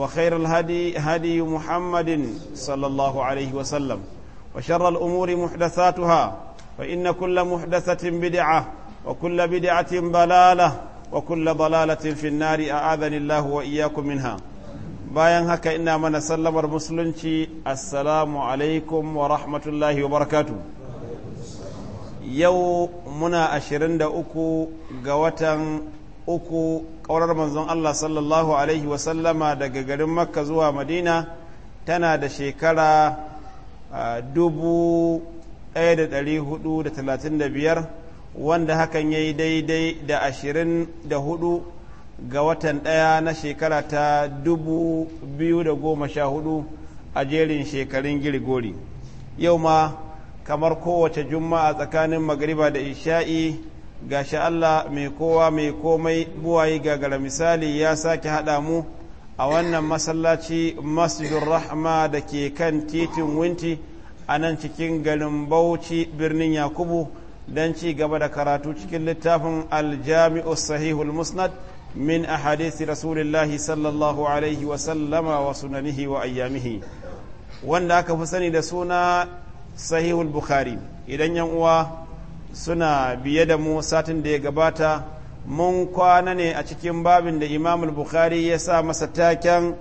وخير الهدي هدي محمد صلى الله عليه وسلم وشر الأمور محدثاتها فإن كل محدثة بدعة وكل بدعة ضلالة وكل ضلالة في النار أعاذني الله وإياكم منها bayan haka ina mana sallamar musulunci assalamu alaikum wa rahmatullahi wa barakatu yau muna 23 ga watan uku ƙaurar manzon Allah sallallahu Alaihi wasallama daga garin Makka zuwa Madina tana da shekara dubu ɗaya da ɗari hudu da talatin da biyar wanda hakan ya yi daidai da ashirin da hudu ga watan ɗaya na shekara ta dubu biyu da goma sha hudu a jerin shekarun girgori yau ma kamar kowace juma'a tsakanin magariba da isha'i gashi Allah mai kowa mai komai buwaye gagara misali ya sake haɗa mu a wannan masallaci masjidun rahma da ke kan titin winti a nan cikin garin bauchi birnin yakubu don ci gaba da karatu cikin littafin aljami'u sahihul musnad min a hadisi rasulillahi sallallahu alaihi sallama wa sunanihi wa ayyamihi wanda aka fi sani da suna sahihul bukhari idan yan uwa suna biye da mu satin da ya gabata mun kwana ne a cikin babin da imamul bukhari ya sa masa taken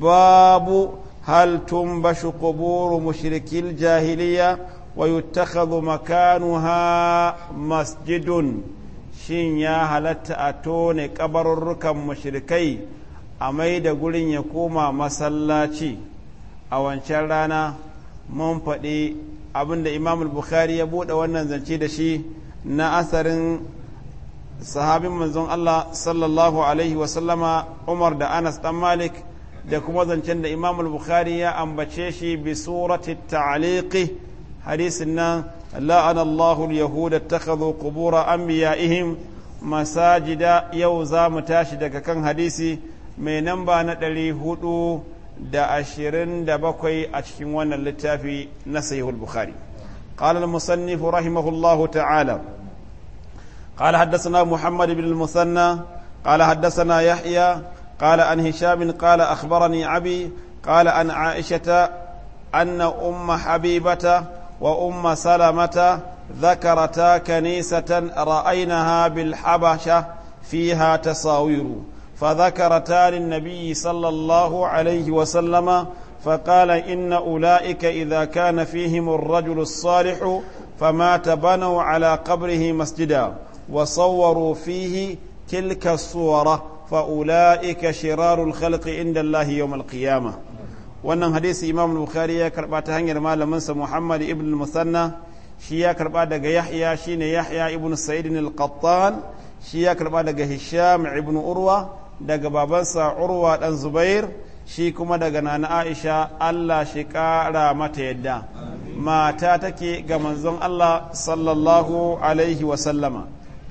babu hal tun tumbashu kuburu mushrikil jahiliya wa yuttakhadhu makanuha masjidun shin ya halatta a tone kabarurrukan mushrikai a mai da gurin ya koma masallaci a wancan rana mun faɗi da imam bukhari ya buɗe wannan zance da shi na asarin sahabin manzon Allah sallallahu alaihi wasallama Umar da Anas ɗan Malik da kuma zancen da imam bukhari ya ambace shi bi surati ta'liqi hadisin nan la'ana ta al kubura an biya ihim masajida yau za mu tashi daga kan hadisi mai namba na ɗari hudu da ashirin da bakwai a cikin wannan littafi na sahihul bukhari قال المصنف رحمه الله تعالى قال حدثنا محمد بن المثنى قال حدثنا يحيى قال عن هشام قال أخبرني أبي قال عن عائشة أن أم حبيبة وأم سلمة ذكرتا كنيسة رأينها بالحبشة فيها تصاوير فذكرتا للنبي صلى الله عليه وسلم فقال إن أولئك إذا كان فيهم الرجل الصالح فمات بنوا على قبره مسجدا وصوروا فيه تلك الصورة فأولئك شرار الخلق عند الله يوم القيامة wannan hadisi imam bukhari ya karba ta hanyar malaminsa muhammad ibn musanna shi ya karba daga yahya shine yahya ibn sa'id al-qattan shi ya karba daga hisham ibn urwa daga babansa urwa ɗan zubair shi kuma daga nana aisha allah shi ƙara mata yadda mata take ga manzon allah sallallahu alaihi wasallama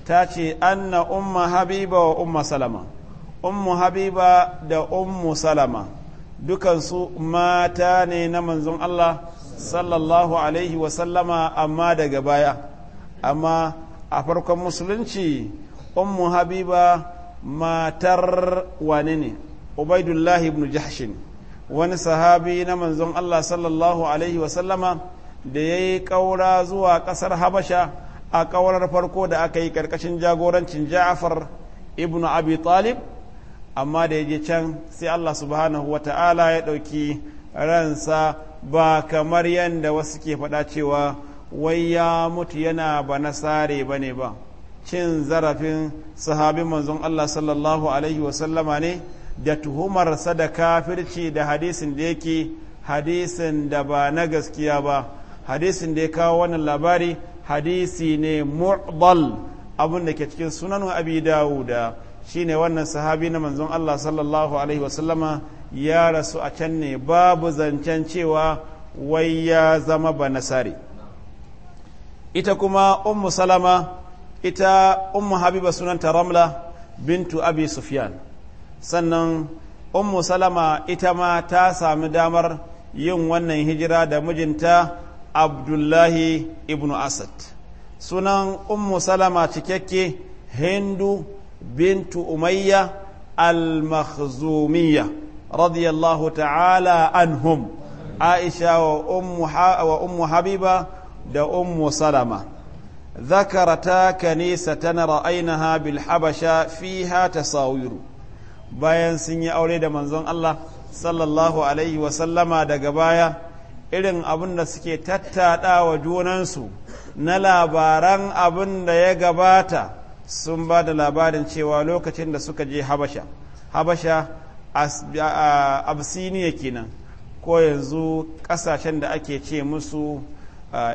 ta ce anna umma habiba wa umma salama ummu habiba da ummu salama dukansu mata ne na manzon allah sallallahu alaihi wasallama amma daga baya amma a farkon musulunci ummu habiba matar wane ne ubaidullahi ibn jahshin wani sahabi na manzon Allah sallallahu alaihi wasallama da ya yi ƙaura zuwa ƙasar habasha a ƙaurar farko da aka yi ƙarƙashin jagorancin ja'afar ibn abi talib amma da ya je can sai Allah subhanahu wa ta'ala ya ɗauki ransa ba kamar yadda wasu ke faɗa cewa wai ya mutu yana ba nasare ba ne ba cin zarafin sahabin manzon Allah sallallahu alaihi wasallama ne da tuhumar sadaka firci da hadisin da yake hadisin da ba na gaskiya ba hadisin da ya kawo wannan labari hadisi ne mubal abin da ke cikin sunan abi dawuda shine wannan sahabi na manzon Allah sallallahu alaihi wasallama ya rasu a can ne babu zancen cewa wai ya zama ba nasari ita kuma ummu salama ita ummu habiba sunanta ramla bintu abi sufyan sannan ummu salama ita ma ta sami damar yin wannan hijira da mijinta abdullahi ibnu asad sunan ummu salama cikakke hindu bintu umayya al-makhzumiyya radiyallahu ta'ala anhum aisha wa ummu habiba da ummu salama ذكرتا كنيسة رأينها بالحبشة فيها تصاوير bayan sun yi aure da manzon Allah sallallahu alaihi wasallama daga baya irin abin da suke tattaɗa wa junansu na labaran abin da ya gabata sun ba da labarin cewa lokacin da suka je habasha habasha absiniya kenan ko yanzu ƙasashen da ake ce musu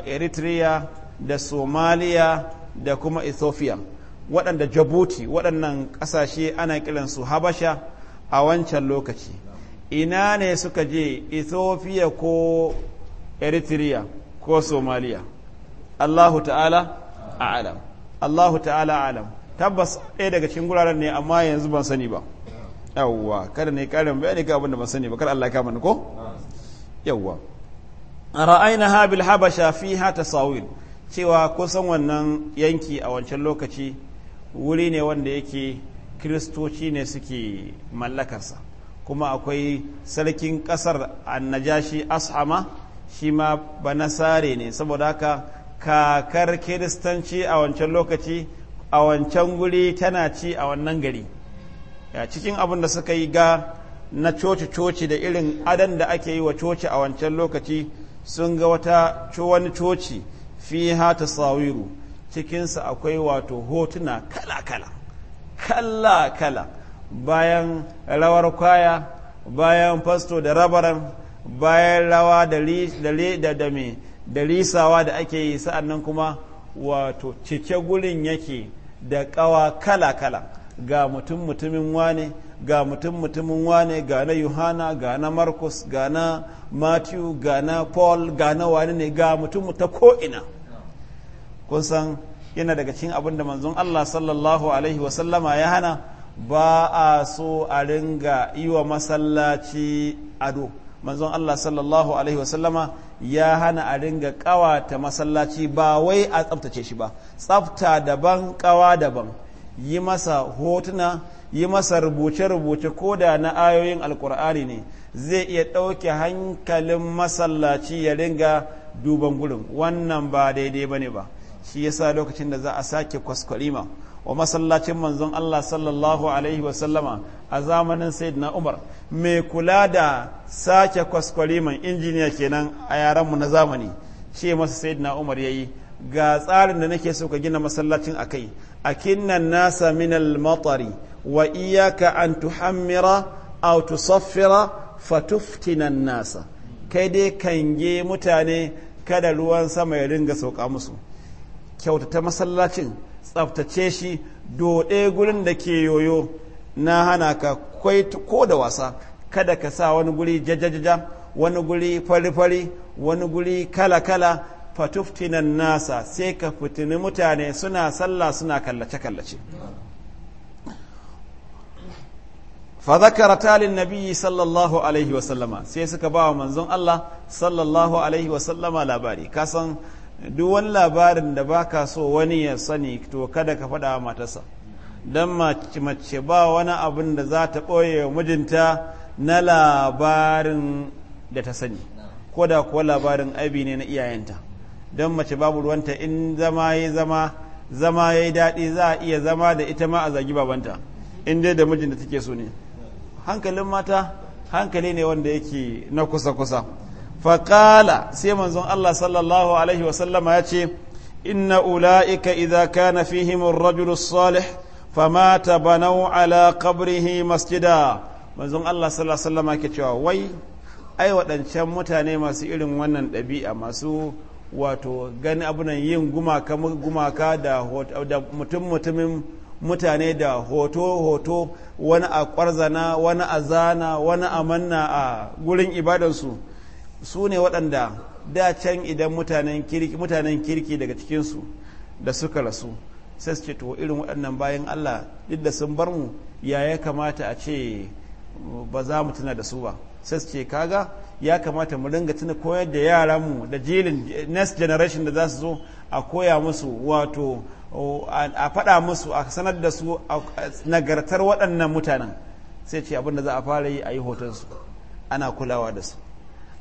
eritrea da somaliya da kuma ethiopia waɗanda jabuti waɗannan ƙasashe ana kiransu habasha a wancan lokaci ina ne suka je ethiopia ko eritrea ko somaliya allahu ta'ala a alam. allahu ta'ala a alam. tabbas ɗaya daga cikin guraren ne amma yanzu ban sani ba yawwa kada ne karin bayani ga abin da ban sani ba kada Allah ya kama ni ko yawwa ra'ayna ha bil habasha fiha tasawil cewa kusan wannan yanki a wancan lokaci wuri ne wanda yake kiristoci ne suke mallakarsa kuma akwai sarkin ƙasar annajashi ashama shi ma banasare ne saboda haka kakar kiristanci a wancan lokaci a wancan guri tana ci a wannan gari ya cikin abin da suka yi ga na coci-coci da irin adan da ake yi wa coci a wancan lokaci sun ga wata wani coci fiha tasawiru cikinsa akwai wato hotuna kala-kala kala-kala bayan rawar kwaya bayan fasto da rabaran bayan rawa da da da me da risawa da ake yi sa'annan kuma wato cike gurin yake da kawa kala-kala ga mutum mutumin wane ga mutum mutumin wane ga na yohana ga na marcus ga na matthew ga na paul ga na wane ne ga mutum ta ko'ina kun san yana daga cikin abin da manzon Allah sallallahu alaihi wasallama ya hana ba a so a ringa yi wa masallaci ado manzon Allah sallallahu alaihi wasallama ya hana a ringa kawa ta masallaci ba wai a tsaftace shi ba tsafta daban kawa daban yi masa hotuna yi masa rubuce-rubuce ko da na ayoyin alkur'ani ne zai iya ɗauke hankalin masallaci ya ringa duban gurin wannan ba daidai ba ne ba shi yasa lokacin da za a sake kwaskwarima wa masallacin manzon Allah sallallahu alaihi wa sallama a zamanin sayyidina Umar mai kula da sake kwaskwariman injiniya kenan a yaranmu na zamani ce masa sayyidina Umar yayi ga tsarin da nake so ka gina masallacin akai kai a kinnan nasa minal wa iyaka an tuhammira aw tusaffira fatuftinan nasa kai dai kange mutane kada ruwan sama ya ringa sauka musu kyautata masallacin tsaftace shi doɗe gurin da ke yoyo na hana ka kwai ko da wasa kada ka sa wani guri jajajaja wani guri fari-fari wani guri kala-kala fatuftinan nasa sai ka fitini mutane suna sallah suna kallace-kallace فذكر تالي النبي sallallahu alaihi عليه sai suka ba wa manzon Allah sallallahu alaihi wa labari kasan duk wani labarin da baka so wani ya sani to kada ka faɗa matarsa don mace ba wani abin da za ta ɓoye mijinta na labarin da ta sani ko da kuwa labarin abi ne na iyayenta don mace babu ruwanta in zama ya zama zama ya yi daɗi za a iya zama da ita ma a zagi babanta in dai da mijinta take so ne hankalin mata hankali ne wanda yake na kusa-kusa fakala sai manzon Allah sallallahu alaihi wasallama ya ce inna ula'ika idza kana fihim ar-rajulu salih famata banau ala qabrihi masjida manzon Allah sallallahu alaihi wasallama ke cewa wai ai waɗancan mutane masu irin wannan ɗabi'a masu wato gani abunan yin gumaka gumaka da mutum mutane da hoto-hoto wani a kwarzana wani a zana wani a manna a gurin ibadarsu. su ne waɗanda da can idan mutanen kirki mutanen kirki daga cikinsu da suka rasu sai su ce to irin waɗannan bayan Allah duk da sun bar mu ya ya kamata a ce ba za mu tuna da su ba sai su ce kaga ya kamata mu ringa tuna koyar da yaranmu da jilin next generation da za su zo a koya musu wato a faɗa musu a sanar da su nagartar waɗannan mutanen sai ce abin za a fara yi a yi hotonsu ana kulawa da su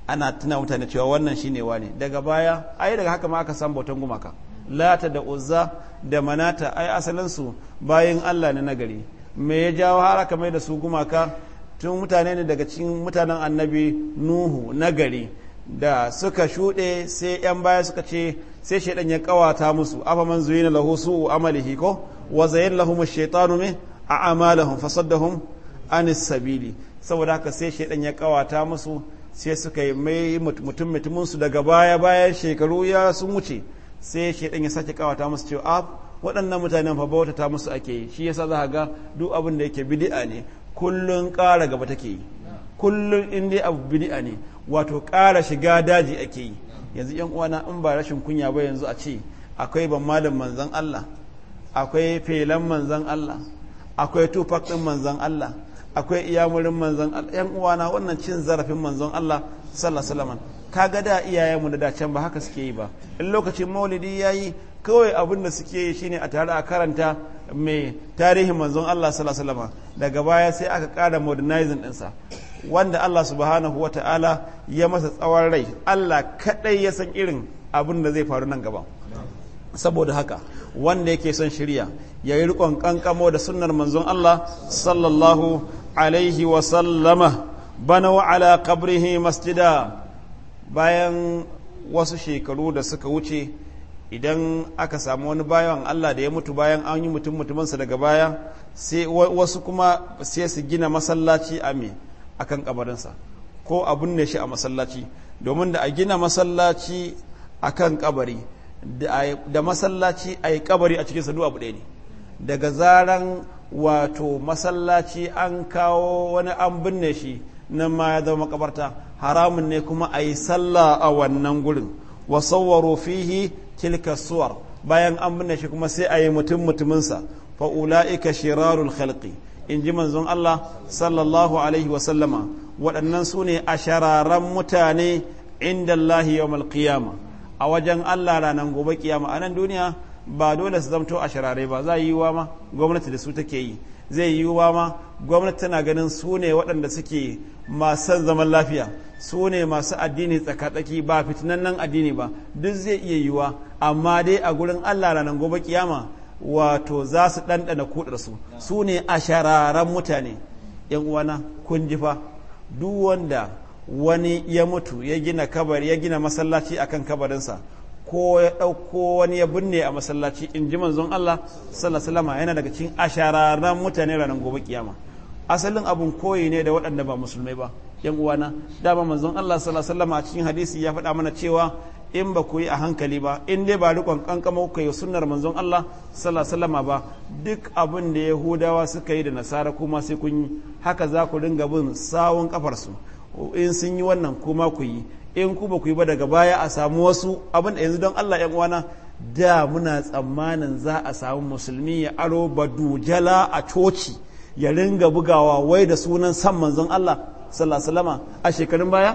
ana tuna mutane cewa wannan shine wani daga baya ai daga haka ma aka san bautan gumaka lata da uzza da manata ai asalin su bayin Allah ne nagari me ya jawo har aka mai da su gumaka tun mutane ne daga cikin mutanen annabi nuhu nagari da suka shuɗe sai yan baya suka ce sai shaidan ya kawata musu afa man zuyina lahu su'u amalihi ko wa zayyana lahum ash-shaytanu min a'malahum fasaddahum anis sabili saboda haka sai shaidan ya kawata musu sai suka yi mai mutum mutuminsu daga baya bayan shekaru ya sun wuce sai shaidan ya sake kawata musu cewa a ah, waɗannan mutanen fa bauta ta musu ake yi shi yasa za ga duk abin da yake bid'a ne kullun ƙara gaba take yi kullun in dai abu bid'a ne wato ƙara shiga daji ake yi yanzu yan uwana in ba rashin kunya ba yanzu a ce akwai ban malam manzon Allah akwai felan manzon Allah akwai tufak din manzon Allah akwai iyamurin manzon yan uwana wannan cin zarafin manzon Allah sallallahu alaihi kaga da iyayenmu da dacen ba haka suke yi ba in lokacin maulidi yayi kawai abin da suke yi shine a tare a karanta mai tarihin manzon Allah sallallahu alaihi daga baya sai aka ƙara modernizing sa wanda Allah subhanahu wa ta'ala ya masa tsawon rai Allah kadai ya san irin abin da zai faru nan gaba saboda haka wanda yake son shirya ya yi riƙon da sunnar manzon Allah sallallahu alaihi wasallama wa ala qabrihi masjida bayan wasu shekaru da suka wuce idan aka samu wani bayan Allah da ya mutu bayan an yi mutum mutumansa daga baya sai wasu kuma sai su gina masallaci a me kan kabarinsa ko a binne shi a masallaci domin da a gina masallaci a kan kabari da masallaci a yi kabari a cikin sadu abu ɗaya ne daga zaran wato masallaci an kawo wani an binne shi nan ma ya zama makabarta haramun ne kuma a yi sallah a wannan gurin wa sawwaro fihi tilka suwar bayan an binne shi kuma sai a yi mutum mutuminsa fa ula'ika shirarul khalqi in ji manzon Allah sallallahu alaihi wa sallama waɗannan su ne a shararan mutane inda Allah yawmal qiyama a wajen Allah ranar gobe kiyama a nan duniya ba dole su zamto a sharare ba za yi wa ma gwamnati da su take yi zai yi wa ma gwamnati tana ganin su ne waɗanda suke masu zaman lafiya su ne masu addini tsakatsaki ba nan addini ba duk zai iya yiwa amma dai a gurin allah ranar gobe kiyama wato za su ɗanɗana kudarsu su ne a shararen mutane yan uwana kun jifa duk wanda wani ya mutu ya gina kabari ya gina masallaci akan kabarinsa ko ya ɗauko wani ya binne a masallaci in ji manzon Allah sallallahu yana daga cikin ashararren mutane ranar gobe kiyama asalin abun koyi ne da waɗanda ba musulmai ba yan uwana dama manzon Allah sallallahu a cikin hadisi ya faɗa mana cewa in ba ku yi a hankali ba in dai ba rikon kankama ku yi sunnar manzon Allah sallallahu ba duk abin da yahudawa suka yi da nasara kuma sai kun yi haka za ku dinga bin sawun kafarsu in sun yi wannan kuma ku yi in ku ba ku yi ba daga baya a samu wasu abin da yanzu don Allah ‘yan uwana da muna tsammanin za a samu musulmi ya aro ba badujala a coci ya ringa bugawa wai da sunan san manzon Allah sallallahu a shekarun baya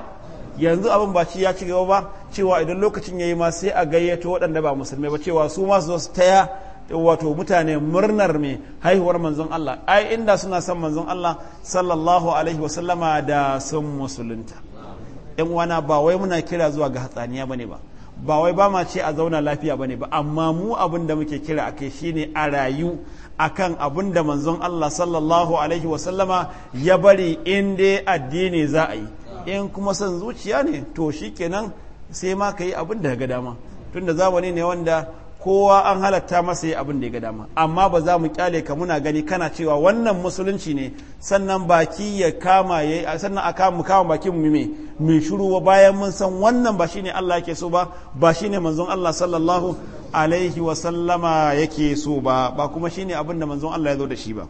yanzu abin ba shi ya ci gaba ba cewa idan lokacin ya yi ma sai a gayyato waɗanda ba musulmi ba cewa su ma su taya wato mutane murnar mai haihuwar manzon Allah ai inda suna san manzon Allah sallallahu alaihi wasallama da sun musulunta yan uwana ba wai muna kira zuwa ga hatsaniya ba ne ba ba wai ba ma ce a zauna lafiya ba ne ba amma mu abin da muke kira akai shine a rayu a kan abin da manzon Allah sallallahu alaihi wa ya bari in dai addini za a yi in kuma son zuciya ne to shi shikenan sai ma ka yi abin da ga dama tunda zamani ne wanda kowa an halatta masa yi abin da ya ga dama amma ba za mu kyale ka muna gani kana cewa wannan musulunci ne sannan baki ya kama ya sannan aka mu kama baki mu me mu shiru bayan mun san wannan ba shine Allah yake so ba ba shine manzon Allah sallallahu alaihi wa sallama yake so ba ba kuma shine abin da manzon Allah ya zo da shi ba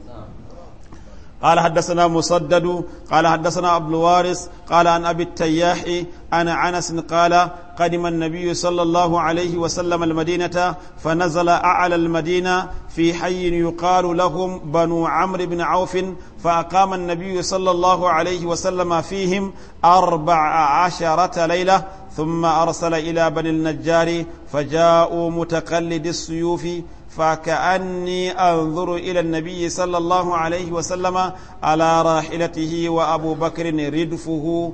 قال حدثنا مسدد قال حدثنا عبد الوارث قال عن ابي التياح عن انس قال قدم النبي صلى الله عليه وسلم المدينه فنزل اعلى المدينه في حي يقال لهم بنو عمرو بن عوف فاقام النبي صلى الله عليه وسلم فيهم اربع عشره ليله ثم ارسل الى بني النجار فجاءوا متقلد السيوف فكأني أنظر إلى النبي صلى الله عليه وسلم على راحلته وأبو بكر ردفه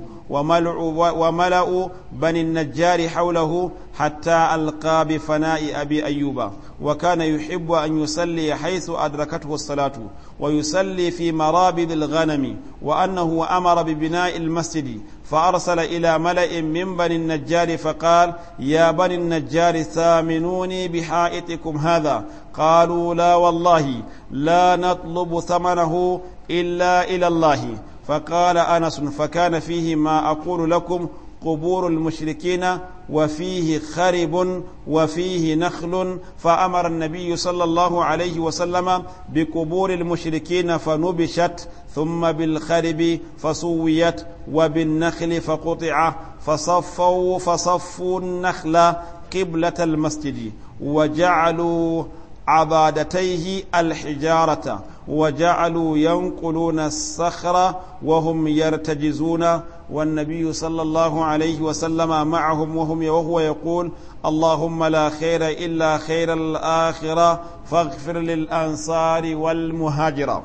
وملأ بني النجار حوله حتى ألقى بفناء أبي أيوب وكان يحب أن يصلي حيث أدركته الصلاة ويصلي في مرابض الغنم وأنه أمر ببناء المسجد فأرسل إلى ملأ من بني النجار فقال يا بني النجار ثامنوني بحائطكم هذا قالوا لا والله لا نطلب ثمنه إلا إلى الله فقال أنس فكان فيه ما أقول لكم قبور المشركين وفيه خرب وفيه نخل فأمر النبي صلى الله عليه وسلم بقبور المشركين فنبشت ثم بالخرب فسويت وبالنخل فقطع فصفوا فصفوا النخل قبلة المسجد وجعلوا عضادتيه الحجارة وجعلوا ينقلون الصخر وهم يرتجزون والنبي صلى الله عليه وسلم معهم وهم وهو يقول اللهم لا خير إلا خير الآخرة فاغفر للأنصار والمهاجرة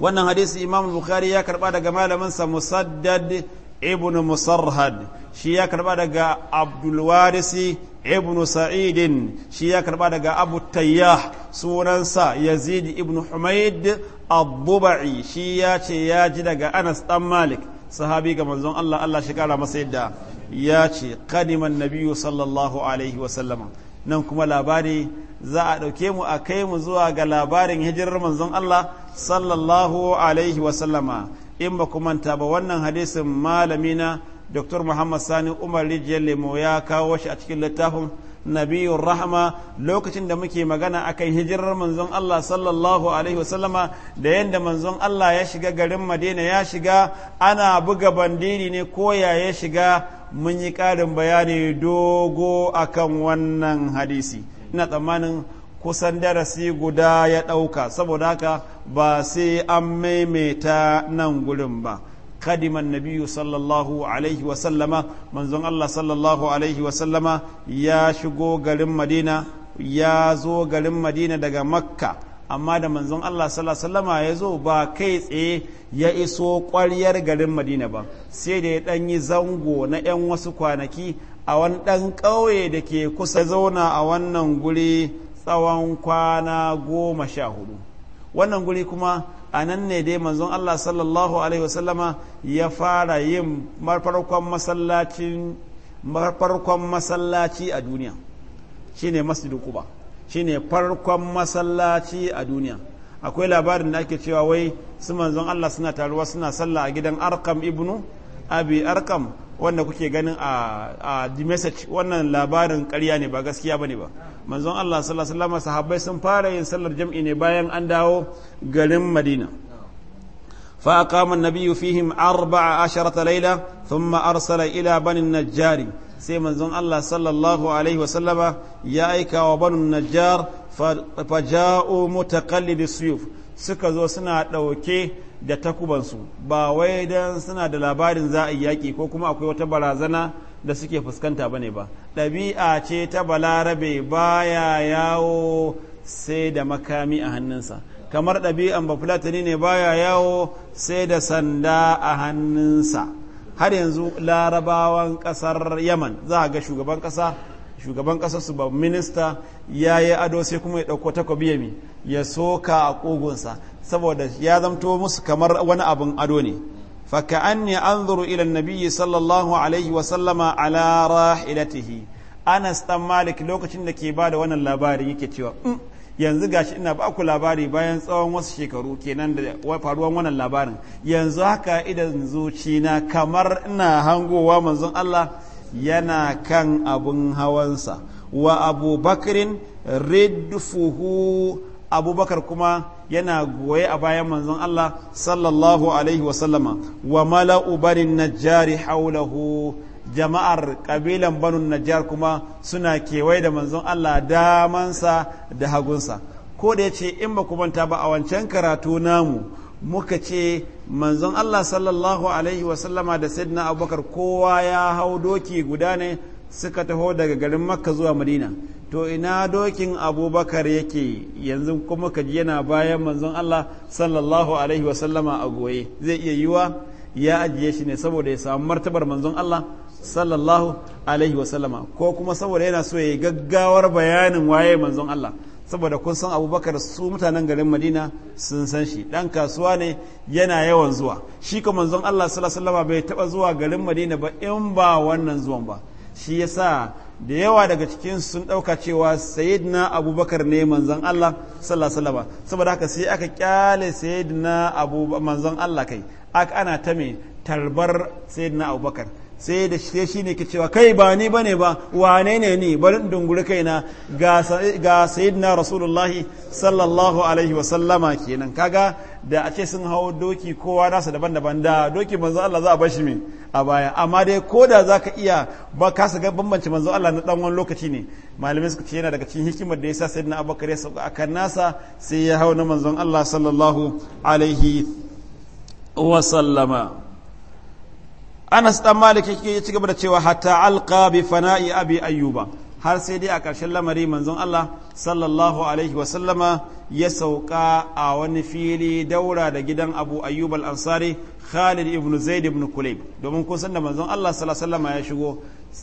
wannan hadisi imam bukhari ya karba daga malaminsa musaddad ibn musarhad shi ya karba daga abdulwarisi ibnu sa'idin shi ya karba daga abu tayyah sunansa yazid ibn humaid abuba'i shi ya ce ya ji daga anas dan malik sahabi ga manzon allah allah shi kara masa yadda ya ce kadiman nabiyu sallallahu alaihi wasallama nan kuma labari za a ɗauke mu a kai mu zuwa ga labarin hijirar manzon allah sallallahu alaihi wasallama in ba ku manta ba wannan hadisin malamina dr muhammad sani umar rijiyar lemo ya kawo shi a cikin littafin nabiyun rahama lokacin da muke magana akan hijirar manzon Allah sallallahu alaihi wasallama da yadda manzon Allah ya shiga garin Madina ya shiga ana buga bandiri ne ko ya ya shiga mun yi ƙarin bayani dogo akan wannan hadisi ina tsammanin kusan darasi guda ya ɗauka saboda haka ba sai an maimaita nan gurin ba قدم Nabiyu صلى الله عليه وسلم منزون الله صلى الله عليه وسلم يا شغو غرم مدينة يا زو غرم مدينة دغا مكة amma da manzon Allah sallama ya zo ba kai tsaye ya iso ƙwaryar garin Madina ba sai da ya ɗan yi zango na 'yan wasu kwanaki a wani ɗan ƙauye da ke kusa zauna a wannan guri tsawon kwana goma sha hudu wannan guri kuma a nan ne dai manzon Allah sallallahu alaihi wasallama ya fara yin farkon masallaci a duniya shine masjidin kuba shine farkon masallaci a duniya akwai labarin da ake cewa wai su manzon Allah suna taruwa suna sallah a gidan arkam ibnu abi arkam wanda kuke ganin a the message wannan labarin karya ne ba gaskiya ne ba manzon Allah sallallahu alaihi wasallam sahabbai sun fara yin sallar jam'i ne bayan an dawo garin Madina fa aqama an-nabiyyu fihim 14 layla thumma arsala ila bani najjari sai manzon Allah sallallahu alaihi wasallama ya aika wa banu najjar faja'u mutaqallidi suyuf suka zo suna dauke da takubansu ba wai don suna da labarin za a yaƙi ko kuma akwai wata barazana da suke fuskanta ba ne ba ɗabi'a ce ta balarabe baya yawo sai da makami a hannunsa kamar ɗabi'an bafulatani ne baya yawo sai da sanda a hannunsa har yanzu larabawan ƙasar yaman za a ga shugaban ƙasa shugaban ƙasar su ba minista ya yi ado sai kuma ya ɗauko takobi ya soka a ƙugunsa saboda ya zamto musu kamar wani abin ado ne an anzuru ilan nabiyyi sallallahu alaihi wa sallama ala rahilatihi Anas dan Malik lokacin da ke bada wannan labari yake cewa mm, yanzu gashi ina ba ku labari bayan tsawon wasu shekaru kenan da faruwan wannan labarin yanzu haka idan zuciya kamar ina hangowa manzon Allah yana kan abun hawansa wa abubakarin ridfuhu abubakar kuma yana goye a bayan manzon Allah sallallahu alaihi wasallama wa mala'u barin najjari haulahu jama'ar kabilan banun najjar kuma suna kewaye da manzon Allah damansa da hagunsa ko da yace in ba manta ba a wancan karatu namu muka ce manzon Allah sallallahu alaihi wasallama da sayyidina Abubakar kowa ya hau doki guda ne suka taho daga garin makka zuwa madina to ina dokin abubakar yake yanzu kuma ka ji yana bayan manzon allah sallallahu alaihi wasallama a goye zai iya yiwa ya ajiye shi ne saboda ya samu martabar manzon allah sallallahu alaihi wasallama ko kuma saboda yana so ya yi gaggawar bayanin waye manzon allah saboda kun san abubakar su mutanen garin madina sun san shi dan kasuwa ne yana yawan zuwa shi ka manzon allah sallallahu alaihi wasallama bai taba zuwa garin madina ba in ba wannan zuwan ba shi ya sa da yawa daga cikin sun ɗauka cewa sayidina abubakar ne manzan Allah sallasalaba saboda haka sai aka kyale sayidina abu manzan Allah kai aka ana ta me tarbar sayidina abubakar sai da shi shi ne ke cewa kai ba ni ba ne ba wane ne ni bari dunguri kaina ga sayidina rasulullahi sallallahu alaihi wa sallama kenan kaga da a ce sun hau doki kowa nasa daban-daban da doki manzo Allah za a bashi mai a baya amma dai ko da za ka iya ba ka ga bambance manzo Allah na dan wani lokaci ne malamin suka ce yana daga cikin hikimar da ya sa sayidina Abubakar ya sauka akan nasa sai ya hau na manzon Allah sallallahu alaihi wa anas dan malik yake ya ci gaba da cewa hatta alqa bi fana'i abi ayyuba har sai dai a ƙarshen lamari manzon Allah sallallahu alaihi wa sallama ya sauka a wani fili daura da gidan Abu Ayyub al-Ansari Khalid ibn Zaid ibn Kulayb domin kun san da manzon Allah sallallahu alaihi sallama ya shigo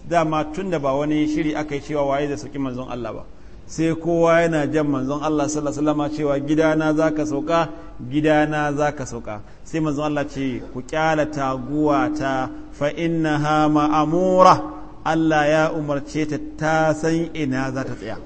dama tun da ba wani shiri aka yi cewa waye da sauki manzon Allah ba sai kowa yana jan manzon Allah sallallahu alaihi wasallam cewa gidana zaka sauka gidana zaka sauka sai manzon Allah ce ku kyala taguwa ta fa innaha ma'amura Allah ya umarce ta ta san ina za ta tsaya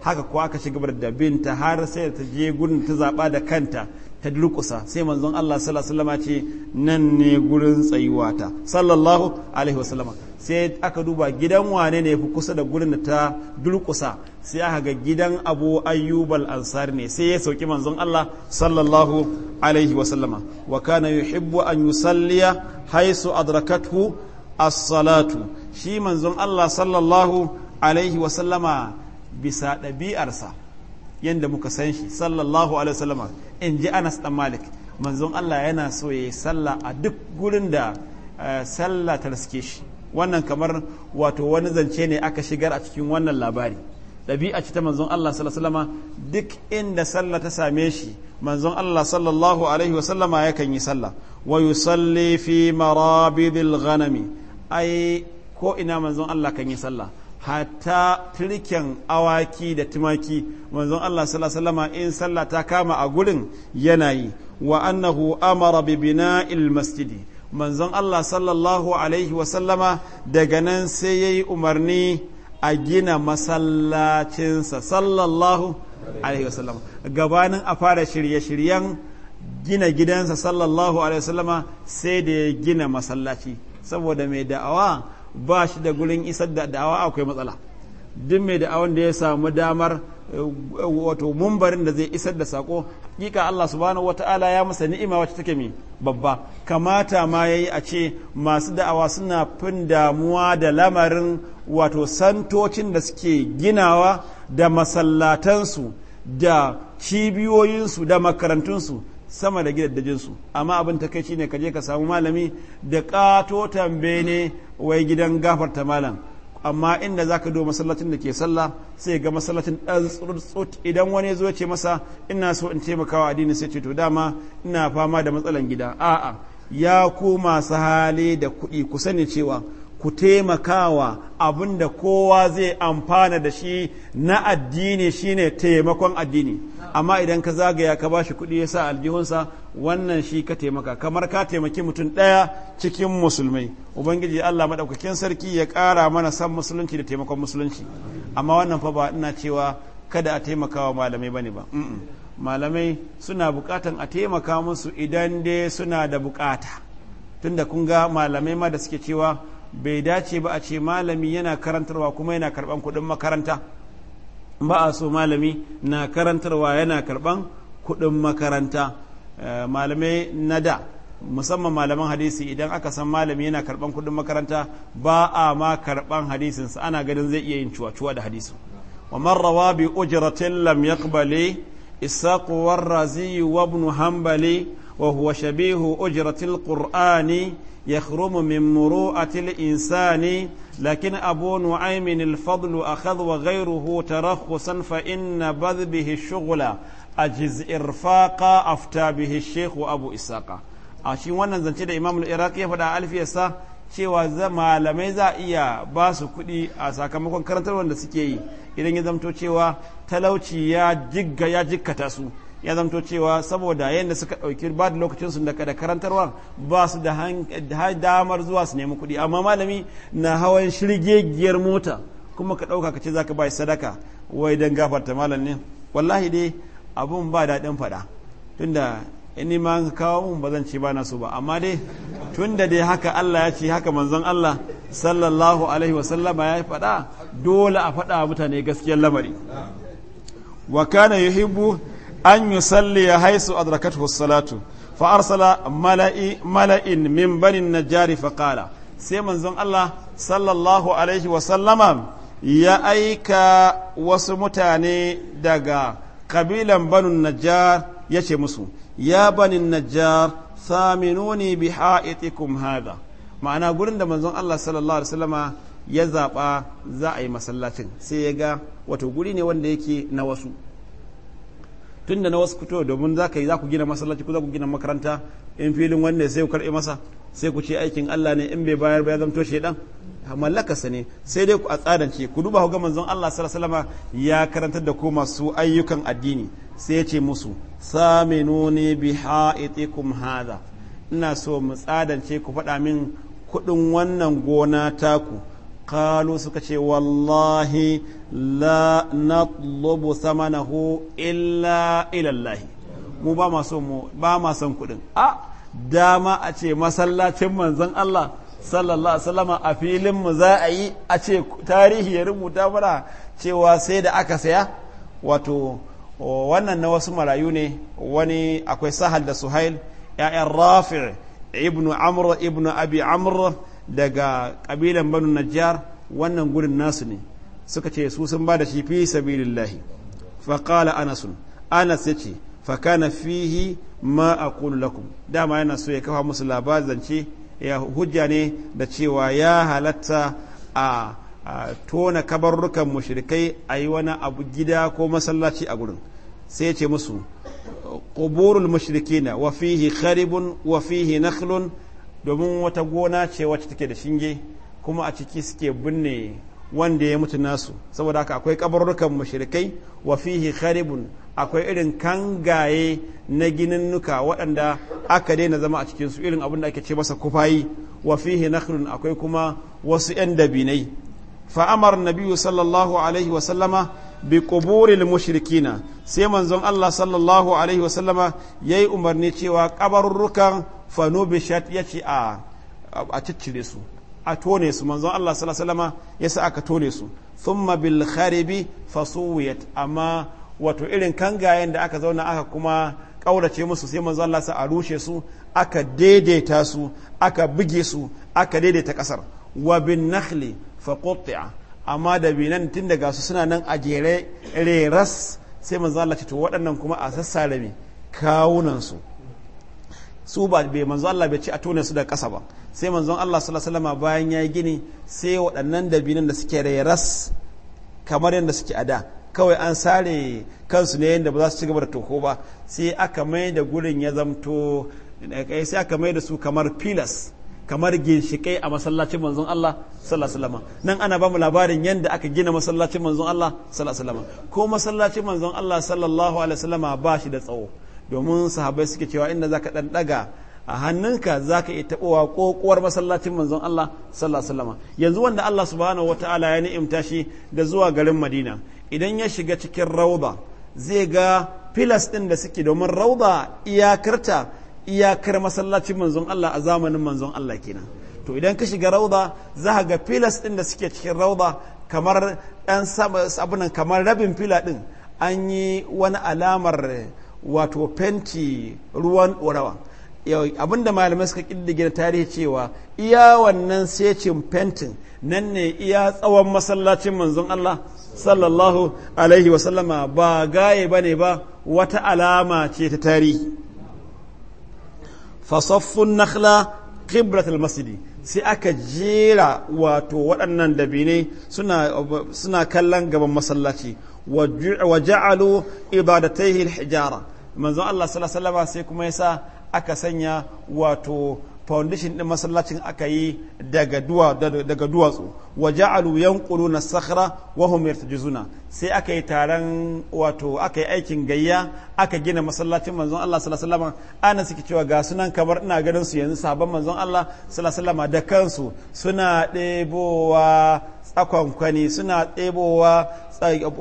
haka kuwa aka shiga da binta har sai ta je gurin ta zaba da kanta ta durƙusa sai manzon Allah sallallahu alaihi wasallam ce nan ne gurin tsayuwa ta sallallahu alaihi wasallam sai aka duba gidan wane ne fi kusa da gurin da ta durƙusa sai aka ga gidan Abu Ayyub al-Ansari ne sai ya sauki manzon Allah sallallahu alaihi wasallam wa kana yuhibbu an yusalliya haisu adrakathu as-salatu shi manzon Allah sallallahu alaihi wasallama bisa ɗabi'arsa yadda muka san shi sallallahu alaihi wasallama in ji anas dan malik manzon allah yana so ya yi sallah a duk gurin da eh, sallah ta riske shi wannan kamar wato wani zance ne aka shigar a cikin wannan labari ɗabi'a ce ta manzon allah sallallahu alaihi duk inda sallah ta same shi manzon allah sallallahu alaihi wasallama yakan yi sallah wa yusalli fi marabidil ghanami ai ko ina manzon allah kan yi sallah hatta turken awaki da tumaki manzon Allah sallallahu in sallah ta kama a gurin yana yi wa annahu amara bi bina'il masjidi manzon Allah sallallahu alaihi wa sallama daga nan sai yayi umarni a gina masallacinsa sallallahu alaihi wa sallama gabanin a fara shirye-shiryen gina gidansa sallallahu alaihi wa sallama sai da ya gina masallaci saboda mai da'awa ba shi da gurin isar da da'awa akwai matsala duk mai da'awan da ya samu damar eh, wato mumbarin da zai isar da sako hakika Allah subhanahu wataala ya masa ni'ima wacce take mi babba kamata ma yayi a ce masu da'awa suna fin damuwa da lamarin wato santocin da suke ginawa da masallatansu da cibiyoyinsu da makarantunsu sama da gidaddajinsu amma abin ta kai ne ka je ka samu malami da ƙato tambe ne wai gidan gafarta malam amma inda za ka do masallacin da ke sallah sai ga masallacin ɗan tsurtsut idan wani zo ce masa ina so in taimakawa addini sai ce to dama ina fama da matsalan gida a'a ya ku masu hali da kuɗi ku sani cewa ku taimakawa abin da kowa zai amfana da shi na addini shine taimakon addini amma idan ka zagaya ka bashi kuɗi ya sa aljihunsa wannan shi ka taimaka kamar ka taimaki mutum ɗaya cikin musulmai ubangiji allah maɗaukakin sarki ya ƙara mana san musulunci da taimakon musulunci amma wannan fa ba ina cewa kada a taimakawa malamai bane ba malamai suna buƙatan a taimaka musu idan dai suna da buƙata tunda kun ga malamai ma da suke cewa bai dace ba a ce malami yana karantarwa kuma yana karban kuɗin makaranta ba a so malami na karantarwa yana karban kuɗin makaranta eh, malamai na da musamman malaman hadisi idan aka san malami yana karban kuɗin makaranta ba a ma karban hadisinsa ana ganin zai iya yin cuwa-cuwa da hadisu. wa marrawa bi ujratin lam yaqbali wa والرازي وابن wa huwa shabihu يخرم من مروءة الإنسان لكن أبو نعيم الفضل أخذ وغيره ترخصا فإن بذ به الشغل أجز إرفاق أفتى به الشيخ أبو إساق أشي وانا زنتي إمام العراقي فدا ألف يسا cewa malamai za a iya ba su kuɗi a sakamakon karantar wanda suke yi idan ya zamto cewa talauci ya jigga ya jikkata su ya zamto cewa saboda yadda suka ɗauki ba da lokacinsu da da karantarwa ba su da damar zuwa su nemi kuɗi amma malami na hawan shirgegiyar mota kuma ka ɗauka ka ce za ka bai sadaka wai don gafarta malam ne wallahi dai abun ba daɗin faɗa tunda in ma kawo mun ba zan ce ba na so ba amma dai tunda dai haka Allah ya ce haka manzon Allah sallallahu alaihi wa sallama ya faɗa dole a faɗa mutane gaskiyar lamari wa kana yuhibbu an yusalli ya haisu adrakatuhu salatu fa arsala mala'i mala'in min banin najjar fa qala sai manzon Allah sallallahu alaihi wa sallama ya aika wasu mutane daga kabilan banin najjar ce musu ya banin najjar saminuni bi ha'itikum hada ma'ana gurin da manzon Allah sallallahu alaihi wasallama ya zaɓa za a yi masallacin sai ya ga wato guri ne wanda yake na wasu tun da na wasu fito domin za ka yi za ku gina masallaci ku za ku gina makaranta in filin wanne sai ku karɓi masa sai ku ce aikin Allah ne in bai bayar ba ya zamto shedan sa ne sai dai ku a tsadance ku duba ga manzon Allah sallallahu ya karantar da ku masu ayyukan addini sai ya ce musu saminuni bi haitikum hadha ina so mu tsadance ku faɗa min kuɗin wannan gona taku قالوا سكتي والله لا نطلب ثمنه إلا إلى الله mu son mu ba kuɗin a dama a ce masallacin manzon Allah sallallahu alaihi wasallama a filin mu za a yi a ce tarihi ya rubuta mana cewa sai da aka saya wato wannan na wasu marayu ne wani akwai sahal da suhail ya'yan rafi' ibnu amr ibnu abi amr daga kabilan banu najjar wannan gudun nasu ne suka ce su sun ba da shi fi sabilillahi Faƙala anasun anas ya yace fa kana fihi ma aqulu lakum dama yana so ya kafa musu labarin zance ya hujja ne da cewa ya halatta a tona kabarrukan mushrikai a yi wani abu gida ko masallaci a gurin sai ce musu ƙuburul mushrikina wa fihi kharibun wa fihi nakhlun domin wata gona ce wacce take da shinge kuma a ciki suke binne wanda ya mutu nasu saboda haka akwai ƙabarrukan mashirikai wa fihi kharibun akwai irin kangaye na gininnuka waɗanda aka daina zama a cikin su irin abin da ake ce masa kufayi wa fihi nakhlun akwai kuma wasu yan dabinai fa amara nabiyyu sallallahu alaihi wa sallama bi quburil mushrikina sai manzon Allah sallallahu alaihi wasallama yayi umarni cewa kabarurrukan Bishat yace a a ciccire su a tone su manzon Allah sallallahu alaihi wasallama yasa aka tone su thumma bil kharibi fasuwiyat amma wato irin kangayen da aka zauna aka kuma kaurace musu sai manzon Allah sa a rushe su aka daidaita su aka buge su aka daidaita kasar wa bin nakhli fa qutti'a amma da binan tun daga su suna nan a jere reras sai manzo Allah to waɗannan kuma a sassare me kawunan su su ba bai manzo Allah bai ce a tone su da ƙasa ba sai manzo Allah sallallahu alaihi wasallam bayan yayi gini sai waɗannan da binan da suke reras kamar yadda suke ada kawai an sare kansu ne yadda ba za su ci gaba da toho ba sai aka mai da gurin ya zamto eh, sai aka mai da su kamar filas kamar ginshiƙai a masallacin manzon Allah sallallahu alaihi wasallam nan ana bamu labarin yadda aka gina masallacin manzon Allah sallallahu alaihi wasallam ko masallacin manzon Allah sallallahu alaihi wasallam ba shi da tsawo domin sahabbai suke cewa inda zaka dan daga a hannunka zaka iya tabowa kokuwar masallacin manzon Allah sallallahu alaihi wasallam yanzu wanda Allah subhanahu wataala ya ni'imta shi da zuwa garin Madina idan ya shiga cikin rauda zai ga filas din da suke domin rauda iyakarta iyakar masallacin manzon Allah a zamanin manzon Allah kenan to idan ka shiga rauda za ga filas ɗin da suke cikin rauda kamar ɗan abunan kamar rabin fila ɗin an yi wani alamar wato fenti ruwan ɗorawa abinda malamai suka ƙiddige na tarihi cewa iya wannan secin fentin nan ne iya tsawon masallacin manzon Allah sallallahu alaihi wasallama ba gaye bane ba wata alama ce ta tarihi fasaffun nakhla qiblat almasjidi sai aka jera wato waɗannan dabinai suna suna kallon gaban masallaci wa ja'alu ibadatayhi alhijara manzo Allah sallallahu alaihi wasallam sai kuma yasa aka sanya wato foundation din masallacin aka yi daga duwatsu wa ja'alu yanquluna sakhra wa hum yartajizuna sai aka yi taron wato aka yi aikin gayya aka gina masallacin manzon Allah sallallahu alaihi wasallam ana suke cewa ga sunan kamar ina ganin su yanzu sabon manzon Allah sallallahu alaihi wasallam da kansu suna ɗebowa tsakon kwani suna ɗebowa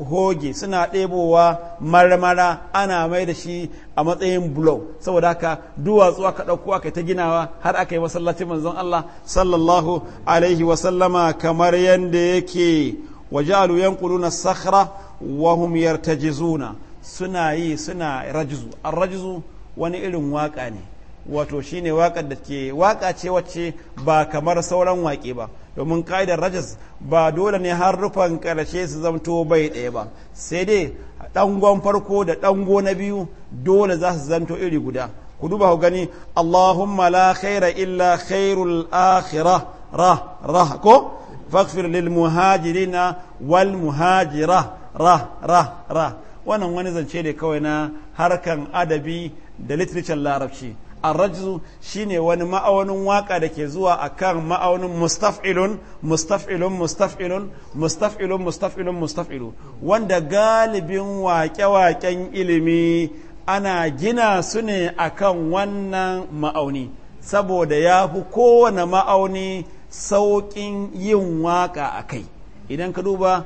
hoge suna ɗebowa marmara ana mai da shi a matsayin bulo saboda haka duwatsu aka ɗauko aka ta ginawa har aka yi masallacin manzon Allah sallallahu alaihi wa kamar yadda yake wajalu na sakhra wa hum yartajizuna suna yi suna rajizu rajizu wani irin waka ne wato shine waƙar da ke waƙa ce wacce ba kamar sauran waƙe ba domin ka'idar rajas ba dole ne har rufan ƙarshe su zamto bai ɗaya ba sai dai ɗangon farko da ɗango na biyu dole za su zanto iri guda ku duba ku gani allahumma la khaira illa khairul akhira ra ra ko faghfir lil muhajirina wal muhajira ra ra ra wannan wani zance ne kawai na harkan adabi da literature larabci arrajzu shine wani ma'aunin waka da ke zuwa akan ma'aunin mustaf'ilun mustaf'ilun mustaf'ilun mustaf'ilun mustaf'ilun mustaf'ilun wanda galibin waƙe-waƙen ilimi ana gina su ne akan wannan ma'auni saboda ya fi kowane ma'auni sauƙin yin waƙa a kai idan ka duba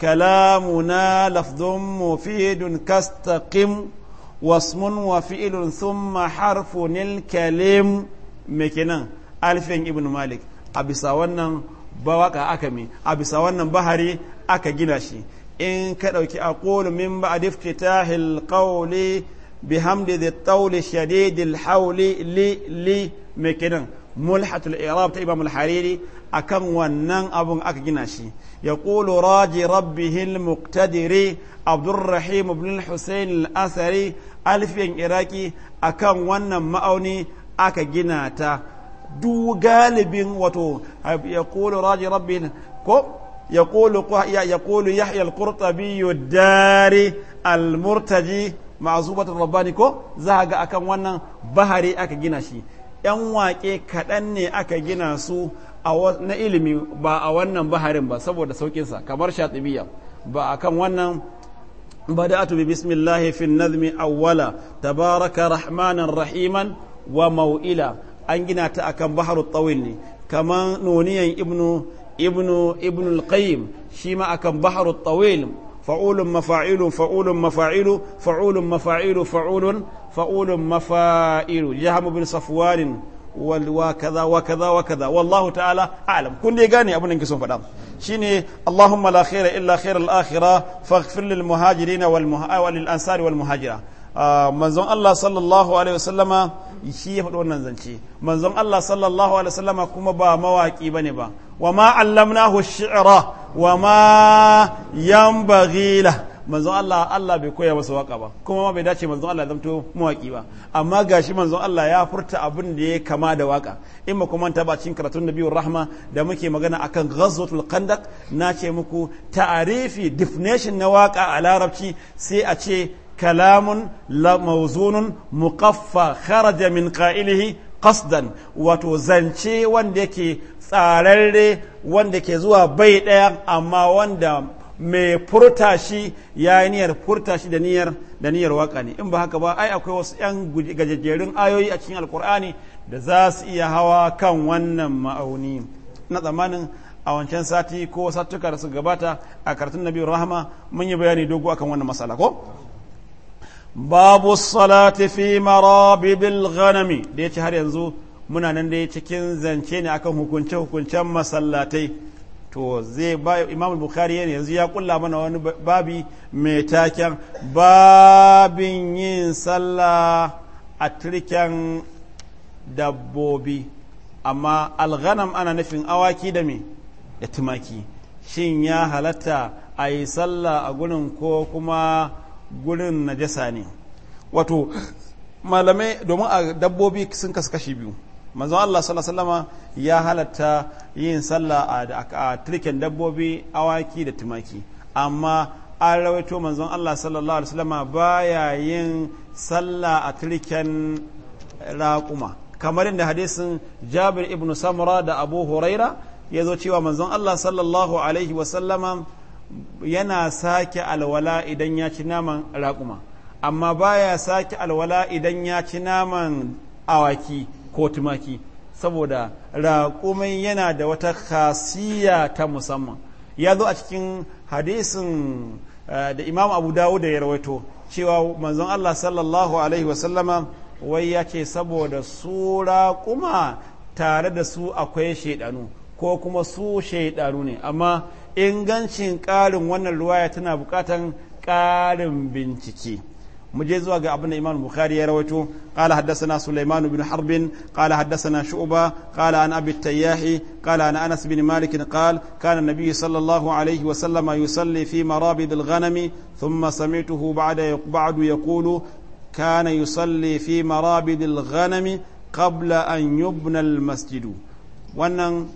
kalamuna lafzun mufidun kastaqim واسم وفعل ثم حرف الكلم مكنن الف ابن مالك ابي سا wannan bawaka aka mi abi sa wannan bahari aka gina shi in ka dauki aqulu min ba'd iftitahil qawli bihamdi dhi tawli shadidil hawli li li mekinan mulhatul i'rab ta imam al-hariri akan wannan abun aka gina shi ya yaqulu raji rabbihil muqtadiri abdurrahim ibn al-husayn al-asari alfiyan iraki akan wannan ma'auni aka gina ta du galibin wato yaqulu raji rabbihil ko يقول يقول يحيى القرطبي الداري المرتجي ma'azubatul rabbani ko za a ga akan wannan bahari aka gina shi ‘yan wake kaɗan ne aka gina su na ilimi ba a wannan baharin ba saboda sauƙinsa kamar shatibiya ba a kan wannan bada'atu bi bismillahi fi nazmi awwala tabaraka rahmanan rahiman wa mau'ila an gina ta akan baharu tawil ne kamar noniyan ibnu ibnu shi ma akan baharu tawil fa'ulun mafa'ilun fa'ulun mafa'ilu fa'ulun mafa'ilu fa'ulun fa'ulun mafa'ilu jahmu bin safwanin wa kaza wa kaza wa kaza wallahu ta'ala a'lam kun dai gane abin da son faɗa shine allahumma la khaira illa khair al-akhirah faghfir lil muhajirin wal lil ansari wal Allah sallallahu alaihi wannan zance manzon Allah sallallahu alaihi wasallama kuma ba mawaƙi bane ba wa ma allamnahu shi'ra wa ma manzon Allah Allah bai koya masa waka ba kuma ma bai dace manzon Allah ya zamto mawaki ba amma gashi manzon Allah ya furta abin da ya kama da waka in ba kuma ba cikin karatun nabiyur rahma da muke magana akan ghazwatul khandak na ce muku ta'arifi definition na waka a larabci sai a ce kalamun mawzunun muqaffa kharaja min qa'ilihi qasdan wato zance wanda yake tsararre wanda ke zuwa bai ɗaya amma wanda mai furta shi ya yi niyyar furta shi da niyyar da niyar waka ne in ba haka ba ai akwai wasu 'yan gajejjerun ayoyi a cikin alkur'ani da za su iya hawa kan wannan ma'auni na tsammanin a wancan sati ko satuka da su gabata a karatun nabi rahama mun yi bayani dogo akan wannan matsala ko babu salati fi marabibil ghanami da ya ce har yanzu muna nan dai cikin zance ne akan hukunce hukuncen masallatai to zai ba imam bukhari ne yanzu ya kulla mana wani babi mai taken babin yin sallah a turken dabbobi amma alghanam ana nufin awaki da me da tumaki shin ya halatta a yi sallah a gurin ko kuma gurin najasa ne wato malamai domin a dabbobi sun kashi biyu manzon Allah sallallahu ya halatta yin sallah a turken dabbobi awaki da tumaki amma an rawaito manzon Allah sallallahu alaihi wasallam baya yin sallah a turken raƙuma kamar inda hadisin Jabir ibn Samra da Abu Huraira ya zo cewa manzon Allah sallallahu alaihi wasallam yana sake alwala idan ya ci naman raƙuma amma baya sake alwala idan ya ci naman awaki ko tumaki saboda raƙumai yana da wata kasiya ta musamman ya zo a cikin hadisin eh, da imam abu dawud da ya rawaito cewa manzon allah sallallahu alaihi wasallama wai ya ce saboda su raƙuma tare da su akwai shaidanu ko kuma su shaidanu ne amma ingancin ƙarin wannan ruwaya tana buƙatan ƙarin bincike مجيز زواج ابن امام البخاري يرويته قال حدثنا سليمان بن حرب قال حدثنا شعبة قال عن ابي التياح قال عن انس بن مالك قال كان النبي صلى الله عليه وسلم يصلي في مرابض الغنم ثم سمعته بعد بعد يقول كان يصلي في مرابض الغنم قبل ان يبنى المسجد wannan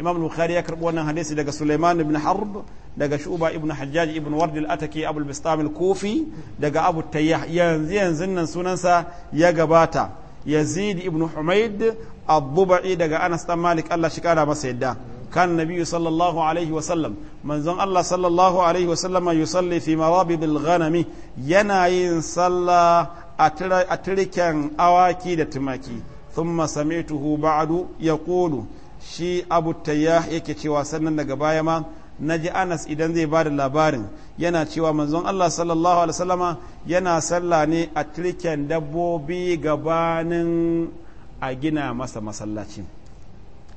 imam bukhari ya karbi wannan hadisi daga suleiman ibn harb daga shuba ibn hajjaj ibn ward al-ataki abu al-bistam al-kufi daga abu tayyah yanzu yanzu nan sunansa ya gabata yazid ibn humaid ad-dubai daga anas dan malik Allah shi kara masa yadda kan nabi sallallahu alaihi wa sallam manzon Allah sallallahu alaihi wa sallama yusalli fi marabi bil ghanami yana yin sallah a turken awaki da tumaki thumma sami'tuhu ba'du yaqulu shi abu tayyah yake cewa sannan daga baya ma na ji anas idan zai ba da labarin yana cewa manzon allah sallallahu alaihi wasallama yana sallah ne a tirken dabbobi gabanin a gina masa masallaci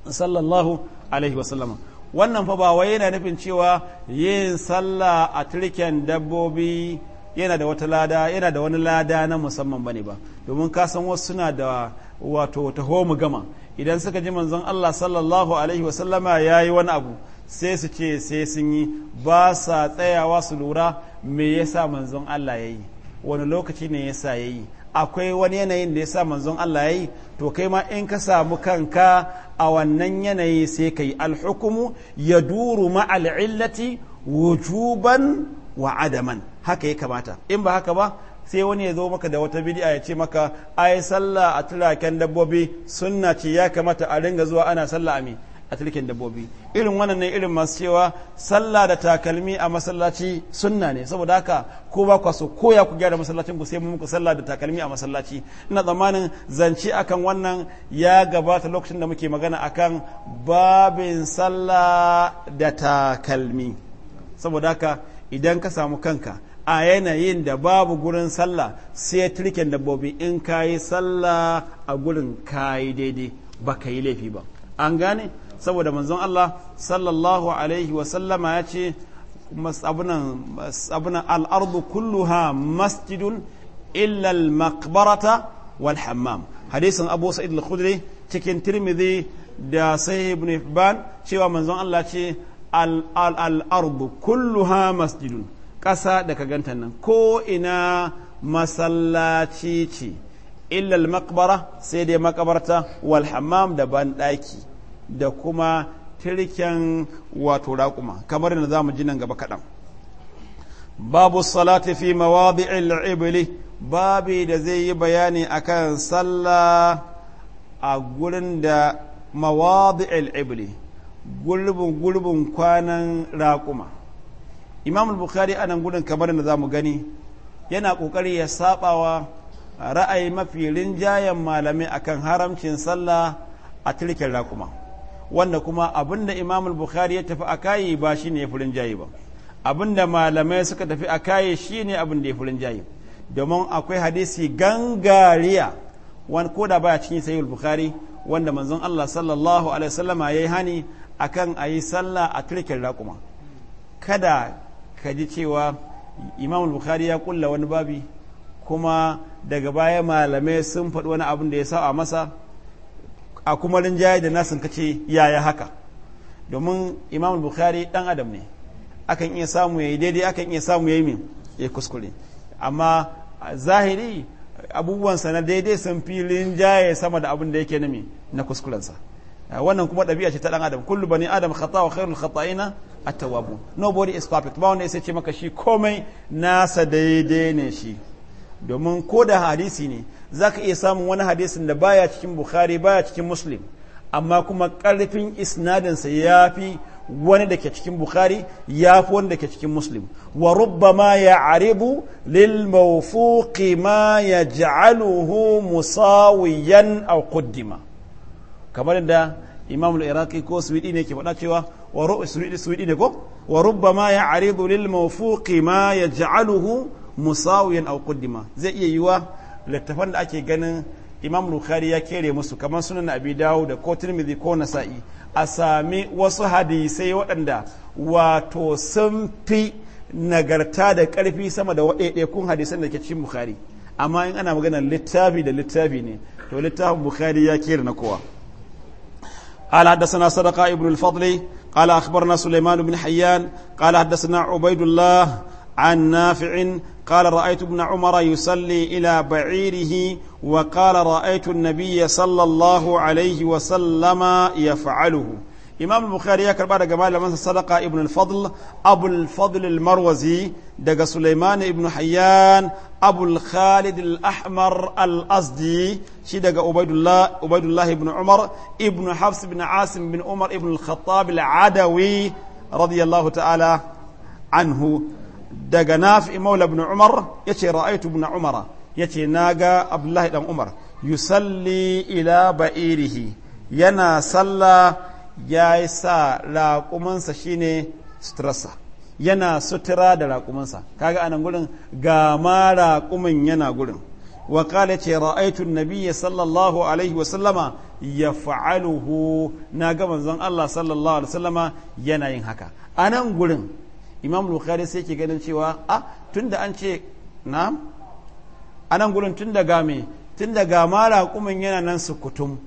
sallallahu alaihi wasallama wannan fa ba wai yana nufin cewa yin sallah a tirken dabbobi yana da wata lada yana da wani lada na musamman bane ba domin ka san wasu suna da wato taho mu gama idan suka ji manzon Allah sallallahu alaihi wasallama ya yi wani abu sai su ce sai sun yi ba sa tsayawa su lura me ya yasa manzon Allah ya yi wani lokaci ne ya sa ya yi akwai wani yanayin da ya sa manzon Allah ya yi to kai ma in ka samu kanka a wannan yanayi sai ka yi alhukumu ya duru ma'al illati wujuban wa adaman haka ya kamata in ba haka ba sai wani ya zo maka da wata bidi'a ya ce maka ai sallah a turaken dabbobi sunna ce ya kamata a ringa zuwa ana sallah a me a tilkin dabbobi irin wannan ne irin masu cewa sallah da takalmi a masallaci sunna ne saboda haka ko ba ku so koya ku gyara masallacin ku sai mu muku sallah da takalmi a masallaci ina tsammanin zance akan wannan ya gabata lokacin da muke magana akan babin sallah da takalmi saboda haka idan ka samu kanka a yanayin da babu gurin sallah sai tilkin dabbobi in kayi sallah a gurin kayi daidai ba ka yi laifi ba an gane saboda manzon Allah sallallahu alaihi wa sallama ya ce abunan al'ardu kulluha masjidun illal makbarata wal hammam hadisin abu sa'id al-khudri cikin tirmidhi da sahih ibn hibban cewa manzon Allah ce al'ardu kulluha masjidun ƙasa da ka ganta nan ko ina masallaci ce illal makbara sai dai makabarta wal hammam da ban ɗaki da kuma tirken wato raƙuma kamar da za mu ji nan gaba kaɗan babu salati fi mawadi'il ibli babi da zai yi bayani akan sallah a gurin da mawadi'il ibli gurbin gurbin kwanan raƙuma imam al-bukhari a nan gudun kamar da za mu gani yana ƙoƙari ya saɓawa ra'ayi mafi rinjayen malamai akan haramcin sallah a tirken raƙuma wanda kuma abinda imam bukhari ya tafi a kayi ba shine ne furin jayi ba abinda malamai suka tafi a kayi shine abin da ya furin jayi domin akwai hadisi gangariya wani ko da baya cikin sayi bukhari wanda manzon Allah sallallahu alaihi wasallama yayi hani a akan ayi sallah a turkin raƙuma kada ka ji cewa imam bukhari ya kulla wani babi kuma daga baya malamai sun faɗi wani abin da ya sa a masa a kuma rinjaye da nasin kace yaya haka domin imam bukhari dan adam ne akan iya samu yayi daidai akan iya samu yayi min ya kuskure amma zahiri abubuwansa na daidai sun fi rinjaye sama da abin da yake na na kuskurensa wannan kuma dabi'a ce ta dan adam kullu bani adam khata wa khairul khata'ina at tawwab nobody is perfect ba wanda ya ce maka shi komai nasa daidai ne shi domin ko da hadisi ne za ka iya samun wani hadisin da baya cikin bukhari baya cikin muslim amma kuma ƙarfin isnadinsa ya fi wani da ke cikin bukhari ya fi wani da ke cikin muslim wa ma ya aribu lil mawfuqi ma ya ja'aluhu musawiyan aw kamar da imam iraki ko suwidi ne ke faɗa cewa wa suwidi ne ko wa ya aribu lil ma ya ja'aluhu musawiyan zai iya yiwa littafan da ake ganin imam bukhari ya kere musu kamar sunan abi dawo da ko tirmidhi ko nasa'i a sami wasu hadisai waɗanda wato sun fi nagarta da ƙarfi sama da waɗaiɗaikun hadisan da ke cikin bukhari amma in ana maganar littafi da littafi ne to littafin bukhari ya kere na kowa قال حدثنا صدقة ابن الفضل قال أخبرنا سليمان بن حيان قال حدثنا عبيد الله عن نافع قال رأيت ابن عمر يصلي إلى بعيره وقال رأيت النبي صلى الله عليه وسلم يفعله imam al-bukhari ya karba daga malamansa sadaka ibn fadl abul fadl marwazi daga sulaimani ibn hayyan abul khalid al al-asdi shi daga ubaidullah ubaidullah umar ibn hafs ibn asim bin umar ibn al-khattab al ta'ala anhu daga nafi maula ibn umar yace ra'aytu ibn umar yace ga abdullahi dan umar yusalli ila ba'irihi yana sallah ya sa raƙumansa shine suturarsa yana sutura da raƙumansa kaga anan gurin ga ma raƙumin yana gurin wa kala ce ra'aitu nabiyya sallallahu alaihi wa sallama ya fa'aluhu na ga manzon Allah sallallahu alaihi wa sallama yana yin haka anan gurin imam bukhari sai ke ganin cewa a ah, tunda an ce na anan gurin tun daga me tun daga ma raƙumin yana nan su kutum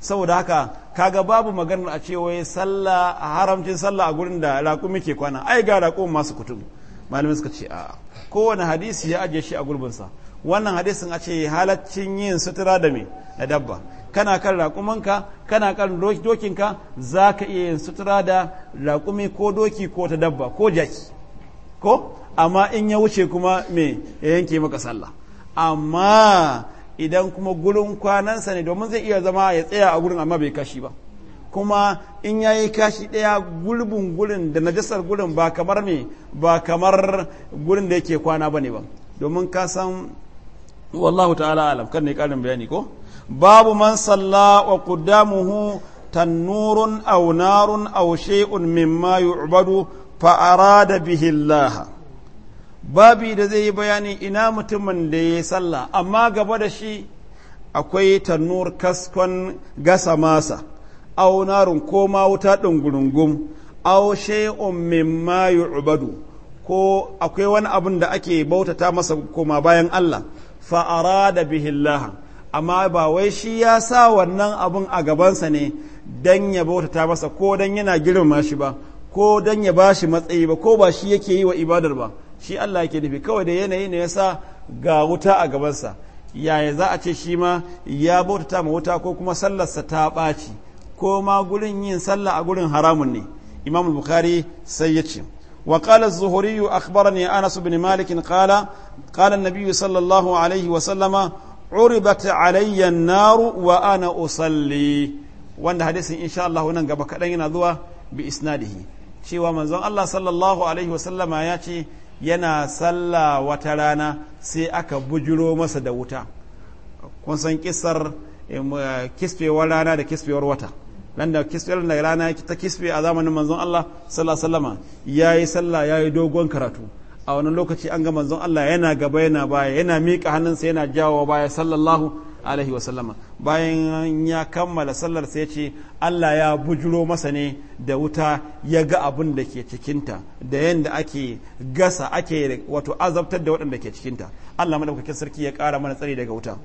saboda haka kaga babu maganar a cewa wai sallah a haramcin sallah a gurin da raƙumi ke kwana ai ga raƙumin masu kutum malamin suka ce a kowane hadisi ya ajiye shi a gurbinsa wannan hadisin a ce halaccin yin sutura da me da dabba kana kan raƙumanka kana kan dokinka za ka iya yin sutura da raƙumi ko doki ko ta dabba ko jaki ko amma in ya wuce kuma me ya yanke maka sallah amma idan kuma gurin kwanansa ne domin zai iya zama ya tsaya a gurin amma bai kashi ba kuma in ya yi kashi ɗaya gulbin gurin da najasar gurin ba kamar me ba kamar gurin da yake kwana ba ne ba domin ka san wallahu ta'ala alam kan ne karin bayani ko babu man salla wa qudamuhu tannurun aw narun aw shay'un mimma yu'badu fa arada bihi Allah babi da zai yi bayani ina mutumin da ya salla, amma gaba da shi akwai tannur kaskon gasa masa aw narun ko ma wuta dungurungum aw shay'un mimma yu'badu ko akwai wani abin da ake bautata masa koma bayan Allah fa'ara da bihillaha amma ba wai shi ya sa wannan abun a gabansa ne don ya bautata masa ko don yana girmama shi ba ko don ya ba shi matsayi ba ko ba shi yake yi wa ibadar ba shi Allah yake nufi kawai da yanayi ne ya sa ga wuta a gabansa yaya za a ce shi ma ya bautata ma wuta ko kuma sallarsa ta ɓaci ko ma gurin yin sallah a gurin haramun ne imam bukhari sai ya ce وقال الزهري أخبرني أنس بن مالك قال قال النبي صلى الله عليه وسلم عربت علي النار وأنا أصلي وأن حديث إن شاء الله ننقب كأننا ذوى بإسناده شيء من زن الله صلى الله عليه وسلم ياتي yana sallah wata rana sai aka bujiro masa da wuta kun san kisar kispewar rana da kispewar wata nan da kisfiyar da rana ta kisfi a zamanin manzon Allah sallallahu alaihi wasallam yayi sallah yi dogon karatu a wannan lokaci an ga manzon Allah yana gaba yana baya yana miƙa hannunsa yana jawo baya sallallahu alaihi wasallama bayan ya kammala sallar sai ce Allah ya bujuro masa ne da wuta ya ga abin da ke cikinta da yanda ake gasa ake wato azabtar da waɗanda ke cikinta Allah madaukakin sarki ya ƙara mana tsari daga wuta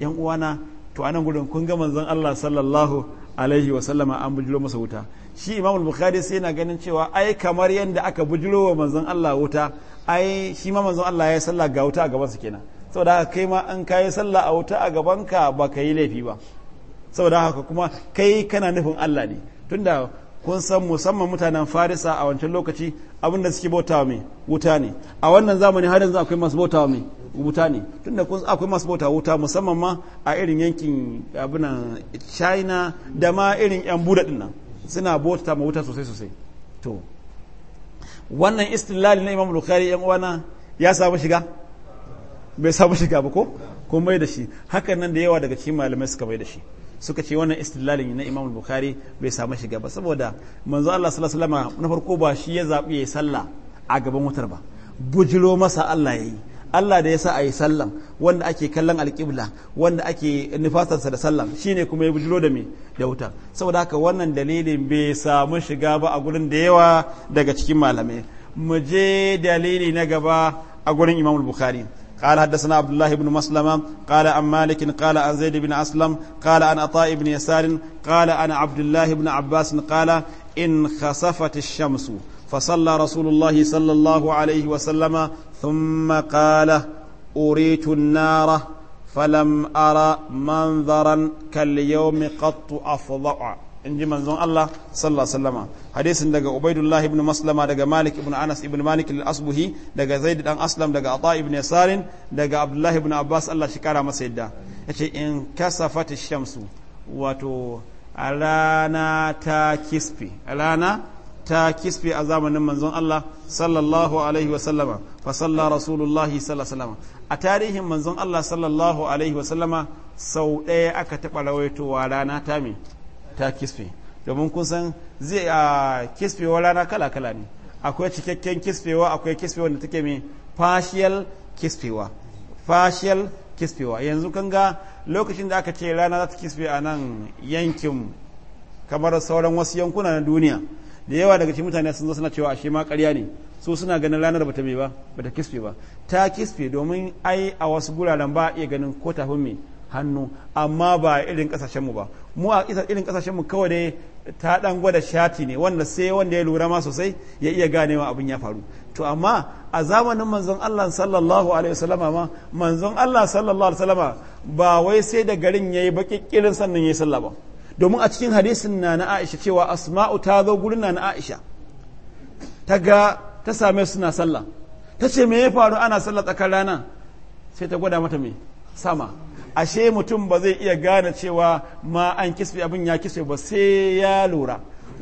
yan uwana to anan gudun kun ga manzon Allah sallallahu alaihi wa sallama an bujiro masa wuta shi imam bukhari sai yana ganin cewa ai kamar yadda aka bujiro wa manzon Allah wuta ai shi ma manzon Allah ya sallah ga wuta a gabansa kenan saboda haka kai ma an kai sallah a wuta a gabanka ba ka yi laifi ba da haka kuma kai kana nufin Allah ne tunda kun san musamman mutanen farisa a wancan lokaci abinda suke bautawa mai wuta ne a wannan zamani har yanzu akwai masu bautawa mai wuta ne tunda kun akwai masu bauta wuta musamman ma a irin yankin abinan china da ma irin yan buda din nan suna bauta ma wuta sosai sosai to wannan istilali na imam bukhari yan uwana ya samu shiga bai samu shiga ba ko kuma mai da shi hakan nan da yawa daga cikin malamai suka mai da shi suka ce wannan istilalin na imam bukari bai samu shiga ba saboda manzo Allah sallallahu alaihi wasallam na farko ba shi ya zabi ya sallah a gaban wutar ba bujiro masa Allah yayi Allah da ya sa a yi sallam wanda ake kallon alƙibla wanda ake nufasarsa da sallam shine kuma ya bujiro da me da wuta saboda haka wannan dalilin bai samu shiga ba a gurin da yawa daga cikin malamai mu je dalili na gaba a gurin Imam Bukhari قال حدثنا عبد الله بن مسلم قال عن مالك قال عن زيد بن أسلم قال عن عطاء بن يسار قال عن عبد الله بن عباس قال إن خسفت الشمس فصلى رسول الله صلى الله عليه وسلم ثم قال أريت النار فلم أرى منظرا كاليوم قط أفظع in ji manzon Allah sallallahu alaihi hadisin daga Ubaidullah ibn Maslama daga Malik ibn Anas ibn Malik asbuhi daga Zaid Ɗan Aslam daga Ata ibn Yasarin daga Abdullah ibn Abbas Allah shi kara masa yadda yace in kasafat shamsu wato alana ta kisfi alana ta kisfe a zamanin manzon Allah sallallahu alaihi wasallama fa salla rasulullahi sallallahu alaihi wasallama a tarihin manzon Allah sallallahu alaihi wasallama sau ɗaya aka taɓa rawaitowa rana ta me ta kisfe domin kun san zai a kisfewa rana kala kala ne akwai cikakken kisfewa akwai kisfewa da take me partial kisfewa partial kisfewa yanzu kan ga lokacin da aka ce rana za ta kisfe a nan yankin kamar sauran wasu yankuna na duniya da yawa daga cikin mutane sun zo suna cewa ashe ma ƙarya ne su suna ganin ranar bata me ba bata kisfe ba ta kisfe domin ai a wasu guraren ba iya ganin ko tafin hannu amma ba irin kasashen mu ba mu a isa irin kasashen mu kawai dai ta dan gwada shati ne wanda sai wanda ya lura ma sosai ya iya ganewa abin ya faru to amma a zamanin manzon Allah sallallahu alaihi wasallama ma manzon Allah sallallahu alaihi wasallama ba wai sai da garin yayi baƙi sannan yayi sallah ba domin a cikin hadisin na na Aisha cewa Asma'u ta zo gurin na na Aisha ta ga ta same suna sallah ta ce me ya faru ana sallah tsakar rana sai ta gwada mata me sama ashe mutum ba zai iya gane cewa ma an kisfe abin ya kisfe ba sai ya lura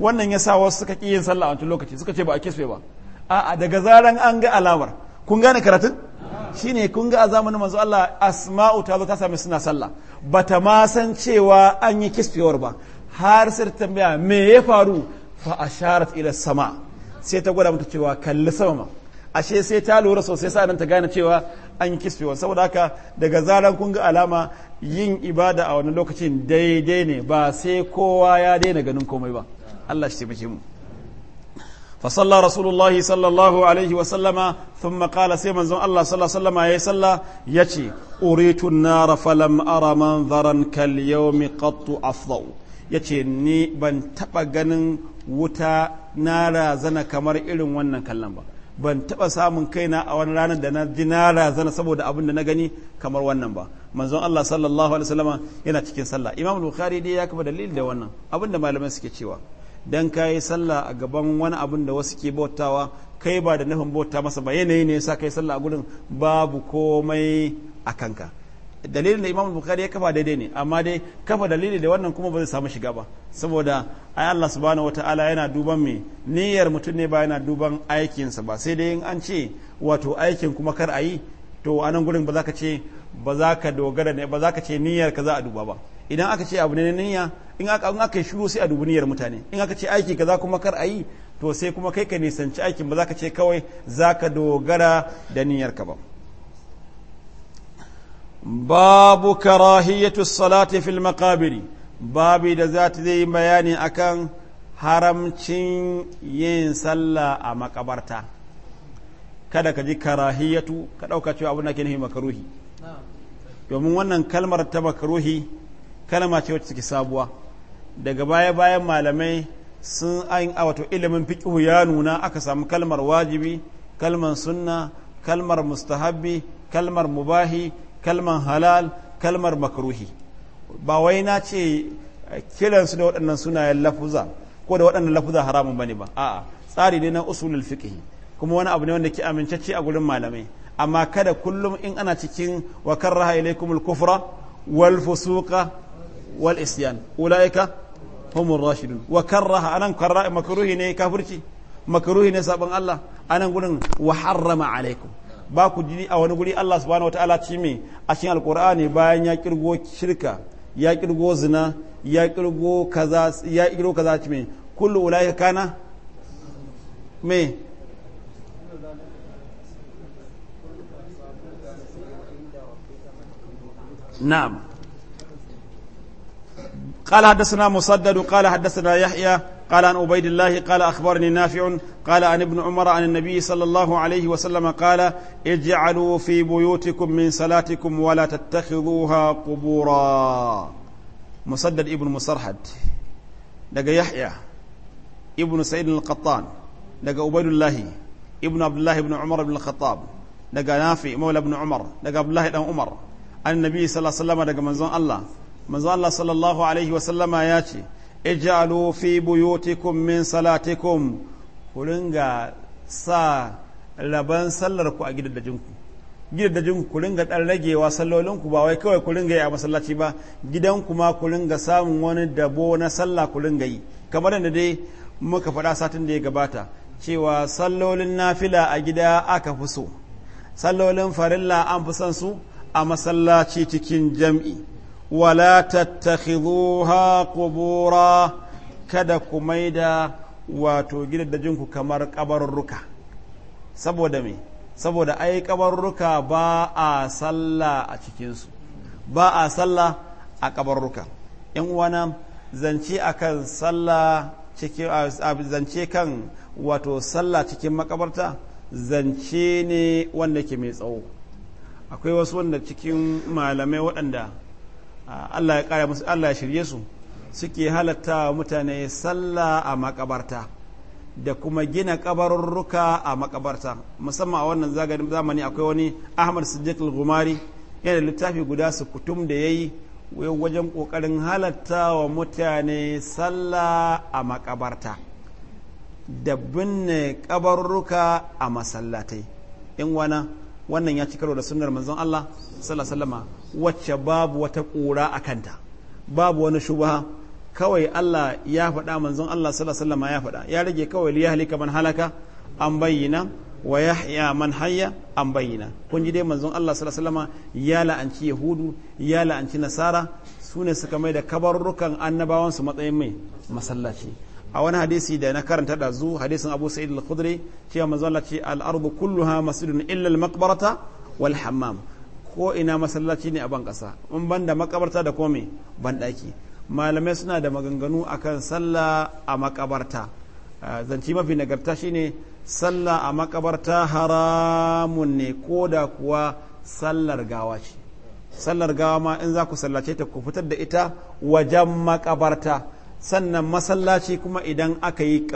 wannan ya sa wasu suka ƙi yin sallah a wancan lokaci suka ce ba a kisfe ba a'a daga zaran an ga alamar kun gane karatun shine kun ga a zamanin manzo Allah asma'u ta zo ta same suna sallah ba ta ma san cewa an yi kisfiyar ba har sai ta tambaya me ya faru fa asharat ila sama sai ta gwada mata cewa kalli sama ashe sai ta lura sosai sai ta gane cewa an yi kisfiyar saboda haka daga zaran kun ga alama yin ibada a wani lokacin daidai ne ba sai kowa ya daina ganin komai ba Allah shi taimake mu فصلى رسول الله صلى الله عليه وسلم ثم قال سيما زم الله صلى الله عليه وسلم يا صلى يتي أريت النار فلم أرى منظرا كاليوم قط أفضل يتي ني بن تبغن وتا نارا زنا كمر إلن ونن كلمة ban taɓa samun kaina a wani ranar da na ji na razana saboda abin da na gani kamar wannan ba manzon Allah sallallahu alaihi wasallama yana cikin sallah imam bukhari dai ya kafa dalil da wannan abin da malamai suke cewa dan ka yi sallah a gaban wani abin da wasu ke bautawa kai ba da nufin bauta masa ba yanayi ne sa kai sallah a gurin babu komai a kanka dalilin da imam bukari ya kafa daidai ne amma dai kafa dalili da wannan kuma ba zai samu shiga ba saboda ai Allah subhanahu wataala yana duban me niyyar mutum ne ba yana duban aikinsa ba sai dai in an ce wato aikin kuma kar a yi to anan gurin ba za ka ce ba za ka dogara ne ba za ka ce niyyar ka za a duba ba idan aka ce abu ne niyya in aka in aka shiru sai a dubi niyyar mutane in aka ce aiki kaza kuma kar a yi to sai kuma kai ka nisanci aikin ba za ka ce kawai za ka dogara da niyyar ka ba babu karahiyatu salati fil maqabiri babi da za ta yi bayani akan haramcin yin sallah a makabarta kada ka ji karahiyatu ka ɗauka cewa abin ke nufin makaruhi domin wannan kalmar ta makaruhi kalama ce wacce take sabuwa daga baya bayan malamai sun an wato ilimin fiqhu ya nuna aka samu kalmar wajibi kalmar sunna kalmar mustahabbi kalmar mubahi kalmar halal kalmar makruhi ba wai na ce eh, su da waɗannan sunayen lafuza ko da waɗannan lafuza haramun bane ba a'a tsari ne na usulul fiqh kuma wani abu ne wanda ke amincacce a gurin malamai amma kada kullum in ana cikin wa karraha ilaykumul kufra wal fusuqa والإسيان أولئك هم الراشدون وكره wa karraha anan karra makruhi ne kafirci makruhi ne saban Allah anan gurin wa harrama ba ku ji a wani guri Allah subhanahu wataala ci me a cikin alqur'ani bayan ya kirgo shirka ya kirgo zina ya kirgo kaza ya kirgo kaza kullu me na'am قال حدثنا مسدد قال حدثنا يحيى قال عن عبيد الله قال أخبرني نافع قال عن ابن عمر عن النبي صلى الله عليه وسلم قال اجعلوا في بيوتكم من صلاتكم ولا تتخذوها قبورا مسدد ابن مسرحد لقى يحيى ابن سعيد القطان لقى عبيد الله ابن عبد الله بن عمر بن الخطاب لقى نافع مولى بن عمر لقى عبد الله بن عمر عن النبي صلى الله عليه وسلم لقى منزون الله manzo Allah sallallahu alaihi wasallama ya ce ij'alu fi buyutikum min salatikum ku ringa sa raban sallar ku a ku. gidajen ku ringa dan ragewa sallolin ku ba wai kawai ku ringa yi a masallaci ba gidan ku ma ku ringa samun wani dabo na sallah ku ringa yi kamar da dai muka faɗa satin da ya gabata cewa sallolin nafila a gida aka fi so sallolin farilla an fi son su a masallaci cikin jam'i wala tattakhiduha qubura kada ku maida wato gidaddajinku kamar ƙabarruka saboda me saboda ai kabarurruka ba a sallah a cikinsu ba a sallah a kabarurruka yan uwana zance akan sallah cikin zance kan wato sallah cikin makabarta zance ne wanda ke mai tsawo akwai wasu wanda cikin malamai waɗanda Allah ya kara musu Allah ya shirye su suke halatta mutane sallah a makabarta da kuma gina kabarurruka a makabarta musamman a wannan zamani akwai wani Ahmad Siddiq al-Gumari yana littafi guda su kutum da yayi wajen ƙoƙarin halatta wa mutane sallah a makabarta da binne kabarurruka a masallatai in wana wannan ya ci karo da sunnar manzon Allah sallallahu alaihi wacce babu wata ƙura a kanta babu wani shubaha kawai Allah ya faɗa manzon Allah sallallahu ya faɗa ya rage kawai li yahlika man halaka an bayyana wa yahya man hayya an bayyana kun ji dai manzon Allah sallallahu ya la'anci yahudu ya la'anci nasara su ne suka mai da kabarrukan annabawan su matsayin mai masallaci a wani hadisi da na karanta da zu hadisin Abu Sa'id al-Khudri cewa manzon Allah ce al-ardu kulluha masjidun illa al-maqbarata wal hammam ko ina masallaci ne a ban ƙasa in ban da makabarta da kome ban ɗaki malamai suna da maganganu akan sallah a makabarta zanci mafi nagarta shine sallah a makabarta haramun ne ko da kuwa sallar gawa ce sallar gawa ma in za ku sallace ta ku fitar da ita wajen makabarta sannan masallaci kuma idan aka yi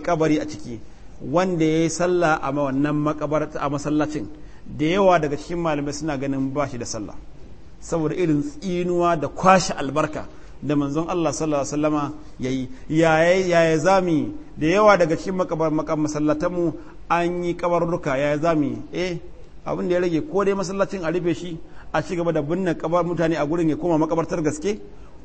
kabari a ciki wanda ya yi sallah a wannan makabarta a masallacin da yawa daga cikin malamai suna ganin ba shi da sallah saboda irin tsinuwa da kwashe albarka da manzon Allah sallallahu alaihi wasallama yayi yaya zami da yawa daga cikin makabar makam mu an yi kabarruka yaya zami eh abin da ya rage ko dai masallacin a rufe shi a ci gaba da binne kabar mutane a gurin ya koma makabartar gaske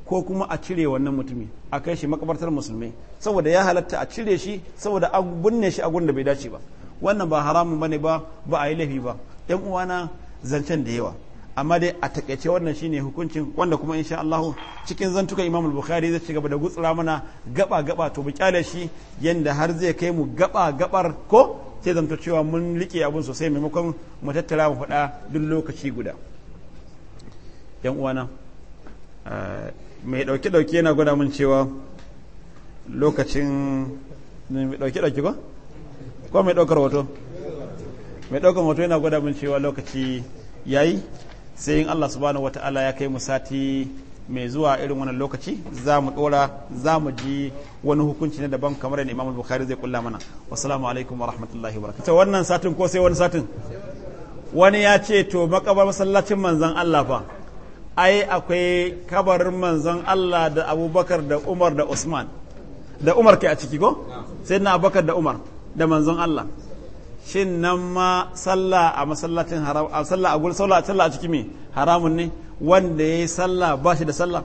ko kuma a cire wannan mutumi a kai shi makabartar musulmai saboda ya halatta a cire shi saboda a binne shi a gurin da bai dace ba wannan ba haramun bane ba ba a yi laifi ba yan uwana zancen da yawa amma dai a takaice wannan shine hukuncin wanda kuma insha Allah cikin zantukan Imam al-Bukhari zai ci gaba da gutsura mana gaba gaba to mu kyale shi yanda har zai kai mu gaba gabar ko sai zanto cewa mun rike abun sosai maimakon mu tattara mu faɗa duk lokaci guda yan uwana eh, mai dauke dauke yana gwada mun cewa lokacin mai dauke dauke ko ko mai daukar hoto mai ɗaukar hoto yana gwada min cewa lokaci ya yi sai in Allah subhanahu wata'ala ya kai mu sati mai zuwa irin wannan lokaci za mu ɗora za mu ji wani hukunci na daban kamar yadda Imam Bukhari zai kulla mana wassalamu alaikum wa rahmatullahi wa barakatuh wannan satin ko sai wani satin wani ya ce to makabar masallacin manzon Allah fa ai akwai kabarin manzon Allah da Abubakar da Umar da Usman da Umar kai a ciki ko sai na Abubakar da Umar da manzon Allah shin nan ma sallah a masallacin haram a sallah a gurin sallah sallah a cikin me haramun ne wanda ya yi sallah ba shi da sallah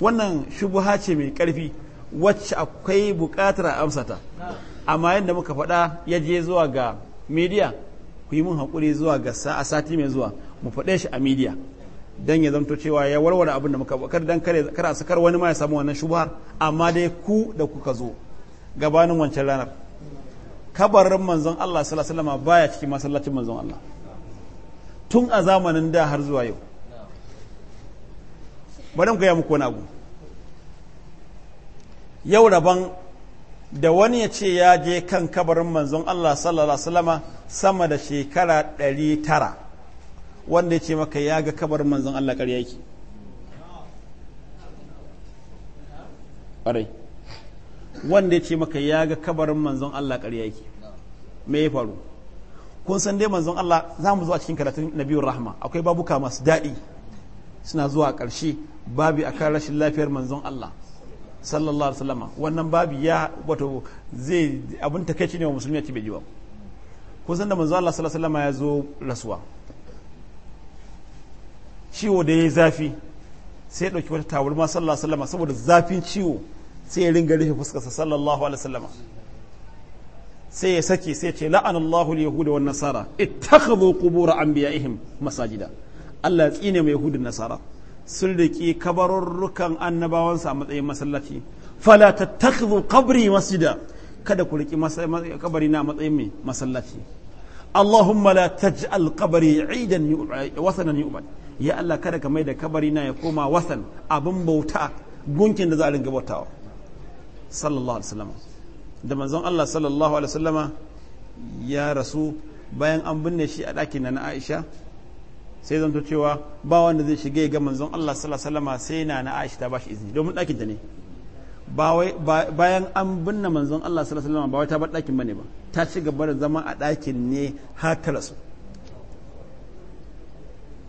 wannan shubuha ce mai karfi wacce akwai buƙatar amsata amma yadda muka faɗa ya je zuwa ga midiya ku yi mun haƙuri zuwa ga a sati mai zuwa mu faɗe shi a midiya dan ya zanto cewa ya warware abin da muka kar dan kare kar a sakar wani ma ya samu wannan shubuhar amma dai ku da kuka zo gabanin wancan ranar kabarin manzon Allah sallallahu alaihi wasallam baya cikin masallacin manzon Allah tun a zamanin da har zuwa yau bari mu gaya muku wani abu yau rabon da wani ya ce ya je kan kabarin manzon Allah sallallahu alaihi wasallama sama da shekara ɗari tara wanda ya ce maka ya ga kabarin manzon Allah ƙarya yake ƙwarai wanda ya ce maka ya ga kabarin manzon Allah ƙarya yake me ya faru kun san dai manzon Allah za mu zuwa cikin karatun nabiyur rahma akwai babuka masu daɗi suna zuwa ƙarshe babi kan rashin lafiyar manzon Allah sallallahu alaihi wasallam wannan babi ya wato zai abin takeici ne wa musulmi ya ci bai kun san da manzon Allah sallallahu alaihi ya zo rasuwa ciwo da ya yi zafi sai ya ɗauki wata tabarma sallallahu alaihi wasallam saboda zafin ciwo sai ya ringa rufe fuskarsa sallallahu alaihi wasallam sai ya sake sai ce la'an Allahu yahuda wan nasara ittakhadhu qubur anbiya'ihim masajida Allah ya tsine mai yahudin nasara sun riki kabarurrukan annabawansa a matsayin masallaci fala tattakhadhu qabri masjida kada ku riki kabari na matsayin mai masallaci Allahumma la taj'al qabri 'idan wasanan yu'bad ya Allah kada ka mai da kabari na ya koma wasan abin bauta gunkin da za a ringa bautawa sallallahu alaihi wasallama da manzon Allah sallallahu alaihi wasallama ya rasu bayan an binne shi a ɗakin na Aisha sai zanto cewa ba wanda zai shiga ga manzon Allah sallallahu alaihi wasallama sai na na Aisha ta bashi izini domin ɗakin ta ne bayan an binne manzon Allah sallallahu alaihi wasallama ba wai ta bar ɗakin bane ba ta ci gaba da zama a ɗakin ne har ta rasu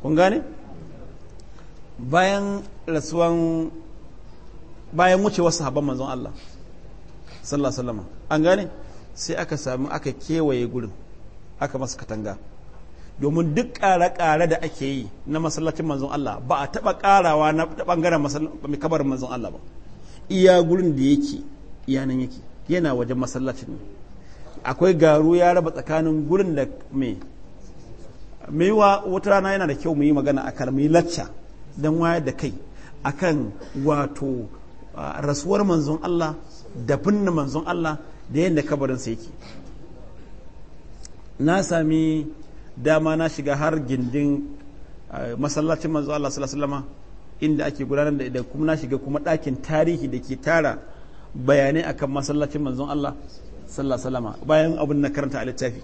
kun gane bayan rasuwan bayan wucewar sahabban manzon Allah sallallahu alaihi an gane sai aka samu aka kewaye gurin aka masa katanga domin duk ƙare-ƙare da ake yi na masallacin manzon Allah ba a taɓa ƙarawa na ɓangaren kabarin manzon Allah ba iya gurin da yake yanan yake yana wajen masallacin ne akwai garu ya raba tsakanin gurin da me mai wa wata rana yana da kyau mu yi magana a kan lacca don wayar da kai akan wato rasuwar manzon Allah da binne manzon Allah da yadda kabarinsa yake na sami dama na shiga har gindin masallacin manzon Allah sallallahu inda ake gudanar da kuma na shiga kuma ɗakin tarihi da ke tara bayanai akan masallacin manzon Allah sallallahu bayan abin na karanta a littafi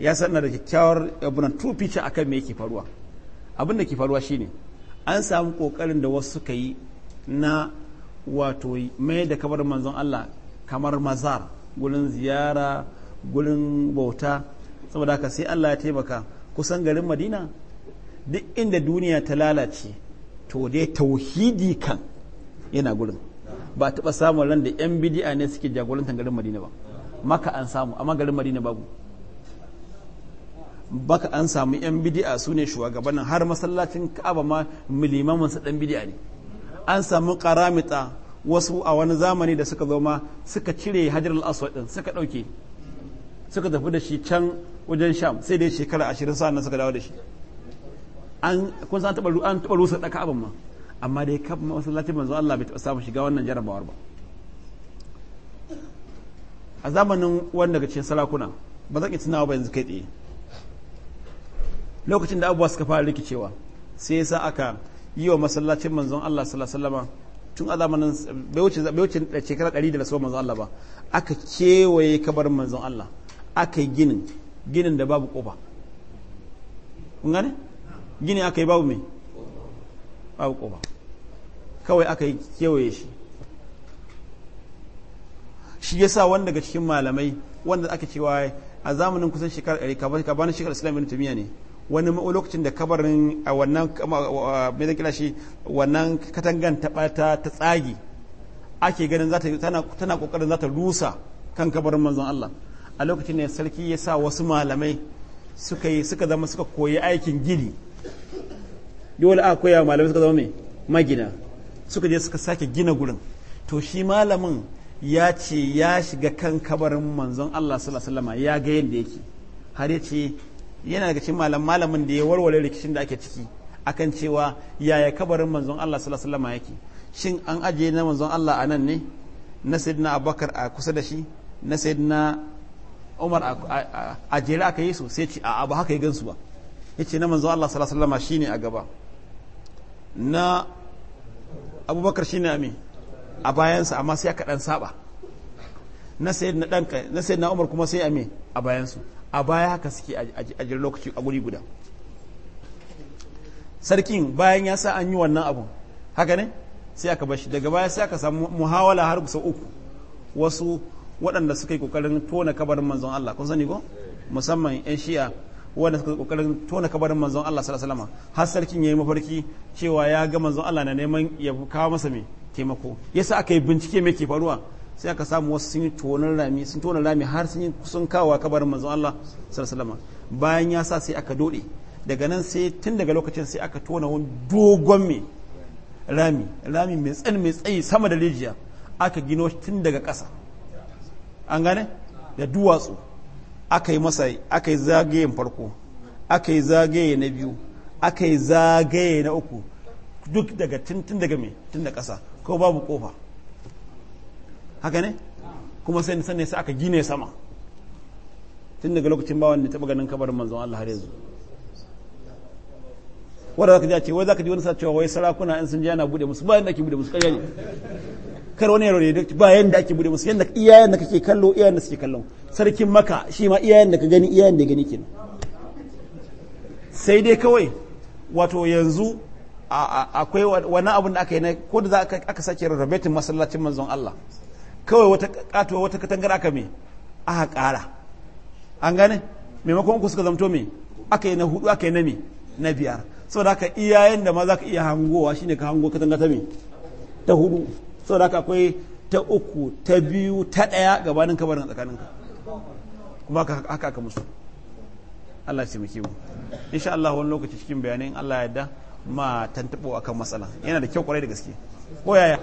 ya sanar da kyakkyawar abunan tufi picture akan me yake faruwa abin da ke faruwa shine an samu kokarin da wasu suka yi na wato mai da kabar manzon Allah kamar mazar gulin ziyara gurin bauta saboda haka sai Allah ya taimaka kusan garin Madina duk inda duniya ta lalace to dai tauhidi kan yana gurin ba taɓa samun ran da 'yan bidi'a ne suke jagorantar garin Madina ba maka an samu amma garin Madina babu baka an samu 'yan bidi'a su ne shugabannin har masallacin ka'aba ma milimamansa ɗan bidi'a ne an samu karamita wasu a wani zamani da suka zo ma suka cire hajar al din suka ɗauke suka tafi da shi can wajen sham sai dai shekara ashirin sa'an suka dawo da shi an kun san taɓa an taɓa rusa ɗaka abin ma amma dai kaf masallaci manzo Allah bai taɓa samun shiga wannan jarabawar ba a zamanin wani daga cikin sarakuna ba zan tunawa ba yanzu kai tsaye lokacin da abubuwa suka fara rikicewa sai ya sa aka yi wa masallacin manzon Allah sallallahu tun a zamanin bai wuce da shekara ɗari da rasuwar manzon Allah ba aka kewaye kabarin manzon Allah aka yi ginin ginin da babu ƙofa kun gane gini aka yi babu me babu ƙofa kawai aka yi kewaye shi shi ya sa wanda daga cikin malamai wanda aka cewa a zamanin kusan shekara ɗari ka bani shekara islam tumiya ne wani lokacin da kabarin a wannan mai shi wannan katangan ta ta tsagi ake ganin tana kokarin za ta rusa kan kabarin manzon Allah a lokacin ne sarki ya sa wasu malamai suka yi suka zama suka koyi aikin gini dole a koya malamai suka zama mai magina suka je suka sake gina gurin to shi malamin ya ce ya shiga kan kabarin manzon Allah sallallahu alaihi wasallam ya ga yadda yake har ya ce yana daga cikin malam malamin da ya warware rikicin da ake ciki akan cewa yaya kabarin manzon Allah sallallahu alaihi wasallam yake shin an ajiye na manzon Allah a nan ne na sayyidina Abubakar a kusa da shi na sayyidina Umar a jere aka yi su sai ce a ba haka ya gansu ba yace na manzon Allah sallallahu alaihi wasallam shine a gaba na Abubakar shine a me a bayansa amma sai aka dan saba na sayyidina danka na sayyidina Umar kuma sai a me a bayansu a baya haka suke a jin lokaci a guri guda sarkin bayan ya sa an yi wannan abun haka ne sai aka bashi daga baya sai aka samu muhawala har sau uku wasu waɗanda suka yi ƙoƙarin tona kabarin manzon Allah kun sani ko musamman 'yan shi'a wanda suka yi ƙoƙarin tona kabarin manzon Allah sallallahu alaihi wasallam har sarkin ya yi mafarki cewa ya ga manzon Allah na neman ya kawo masa mai taimako yasa aka yi bincike mai ke faruwa sai aka samu wasu sun yi tonon rami sun tona rami har sun yi kusan kawo kabarin manzon Allah sallallahu bayan ya sa sai aka dode daga nan sai tun daga lokacin sai aka tona wani dogon mai rami rami mai tsan mai tsayi sama da rijiya aka gino tun daga ƙasa an gane da duwatsu aka yi masa aka yi zagayen farko aka yi zagaye na biyu aka yi zagaye na uku duk daga tun daga mai tun da ƙasa ko babu kofa haka ne kuma sai sanne sai aka gine sama tun daga lokacin bawan ne taba ganin kabarin manzon Allah har yanzu wanda zaka ji wai zaka ji wani sa cewa wai sarakuna in sun ji yana bude musu ba yanda ake bude musu kai ne kar wani yaro ne ba yanda ake bude musu yanda iyayen da kake kallo iyayen da suke kallon sarkin maka shi ma iyayen da ka gani iyayen da gani kenan sai dai kawai wato yanzu akwai wani abin da aka yi na ko da aka sake rarrabetin masallacin manzon Allah kawai wata katuwa wata katangar aka mai aka ƙara an gane maimakon ku suka zamto mai aka yi na hudu aka yi na mai na biyar Sau aka haka iyayen da ma za ka iya hangowa shine ka hango katangar ta mai ta hudu da haka akwai ta uku ta biyu ta ɗaya gabanin kabarin ka kuma haka aka musu Allah ya taimake mu insha Allah wani lokaci cikin bayanai Allah ya yarda ma tantabo akan matsala yana da kyau kwarai da gaske ko yaya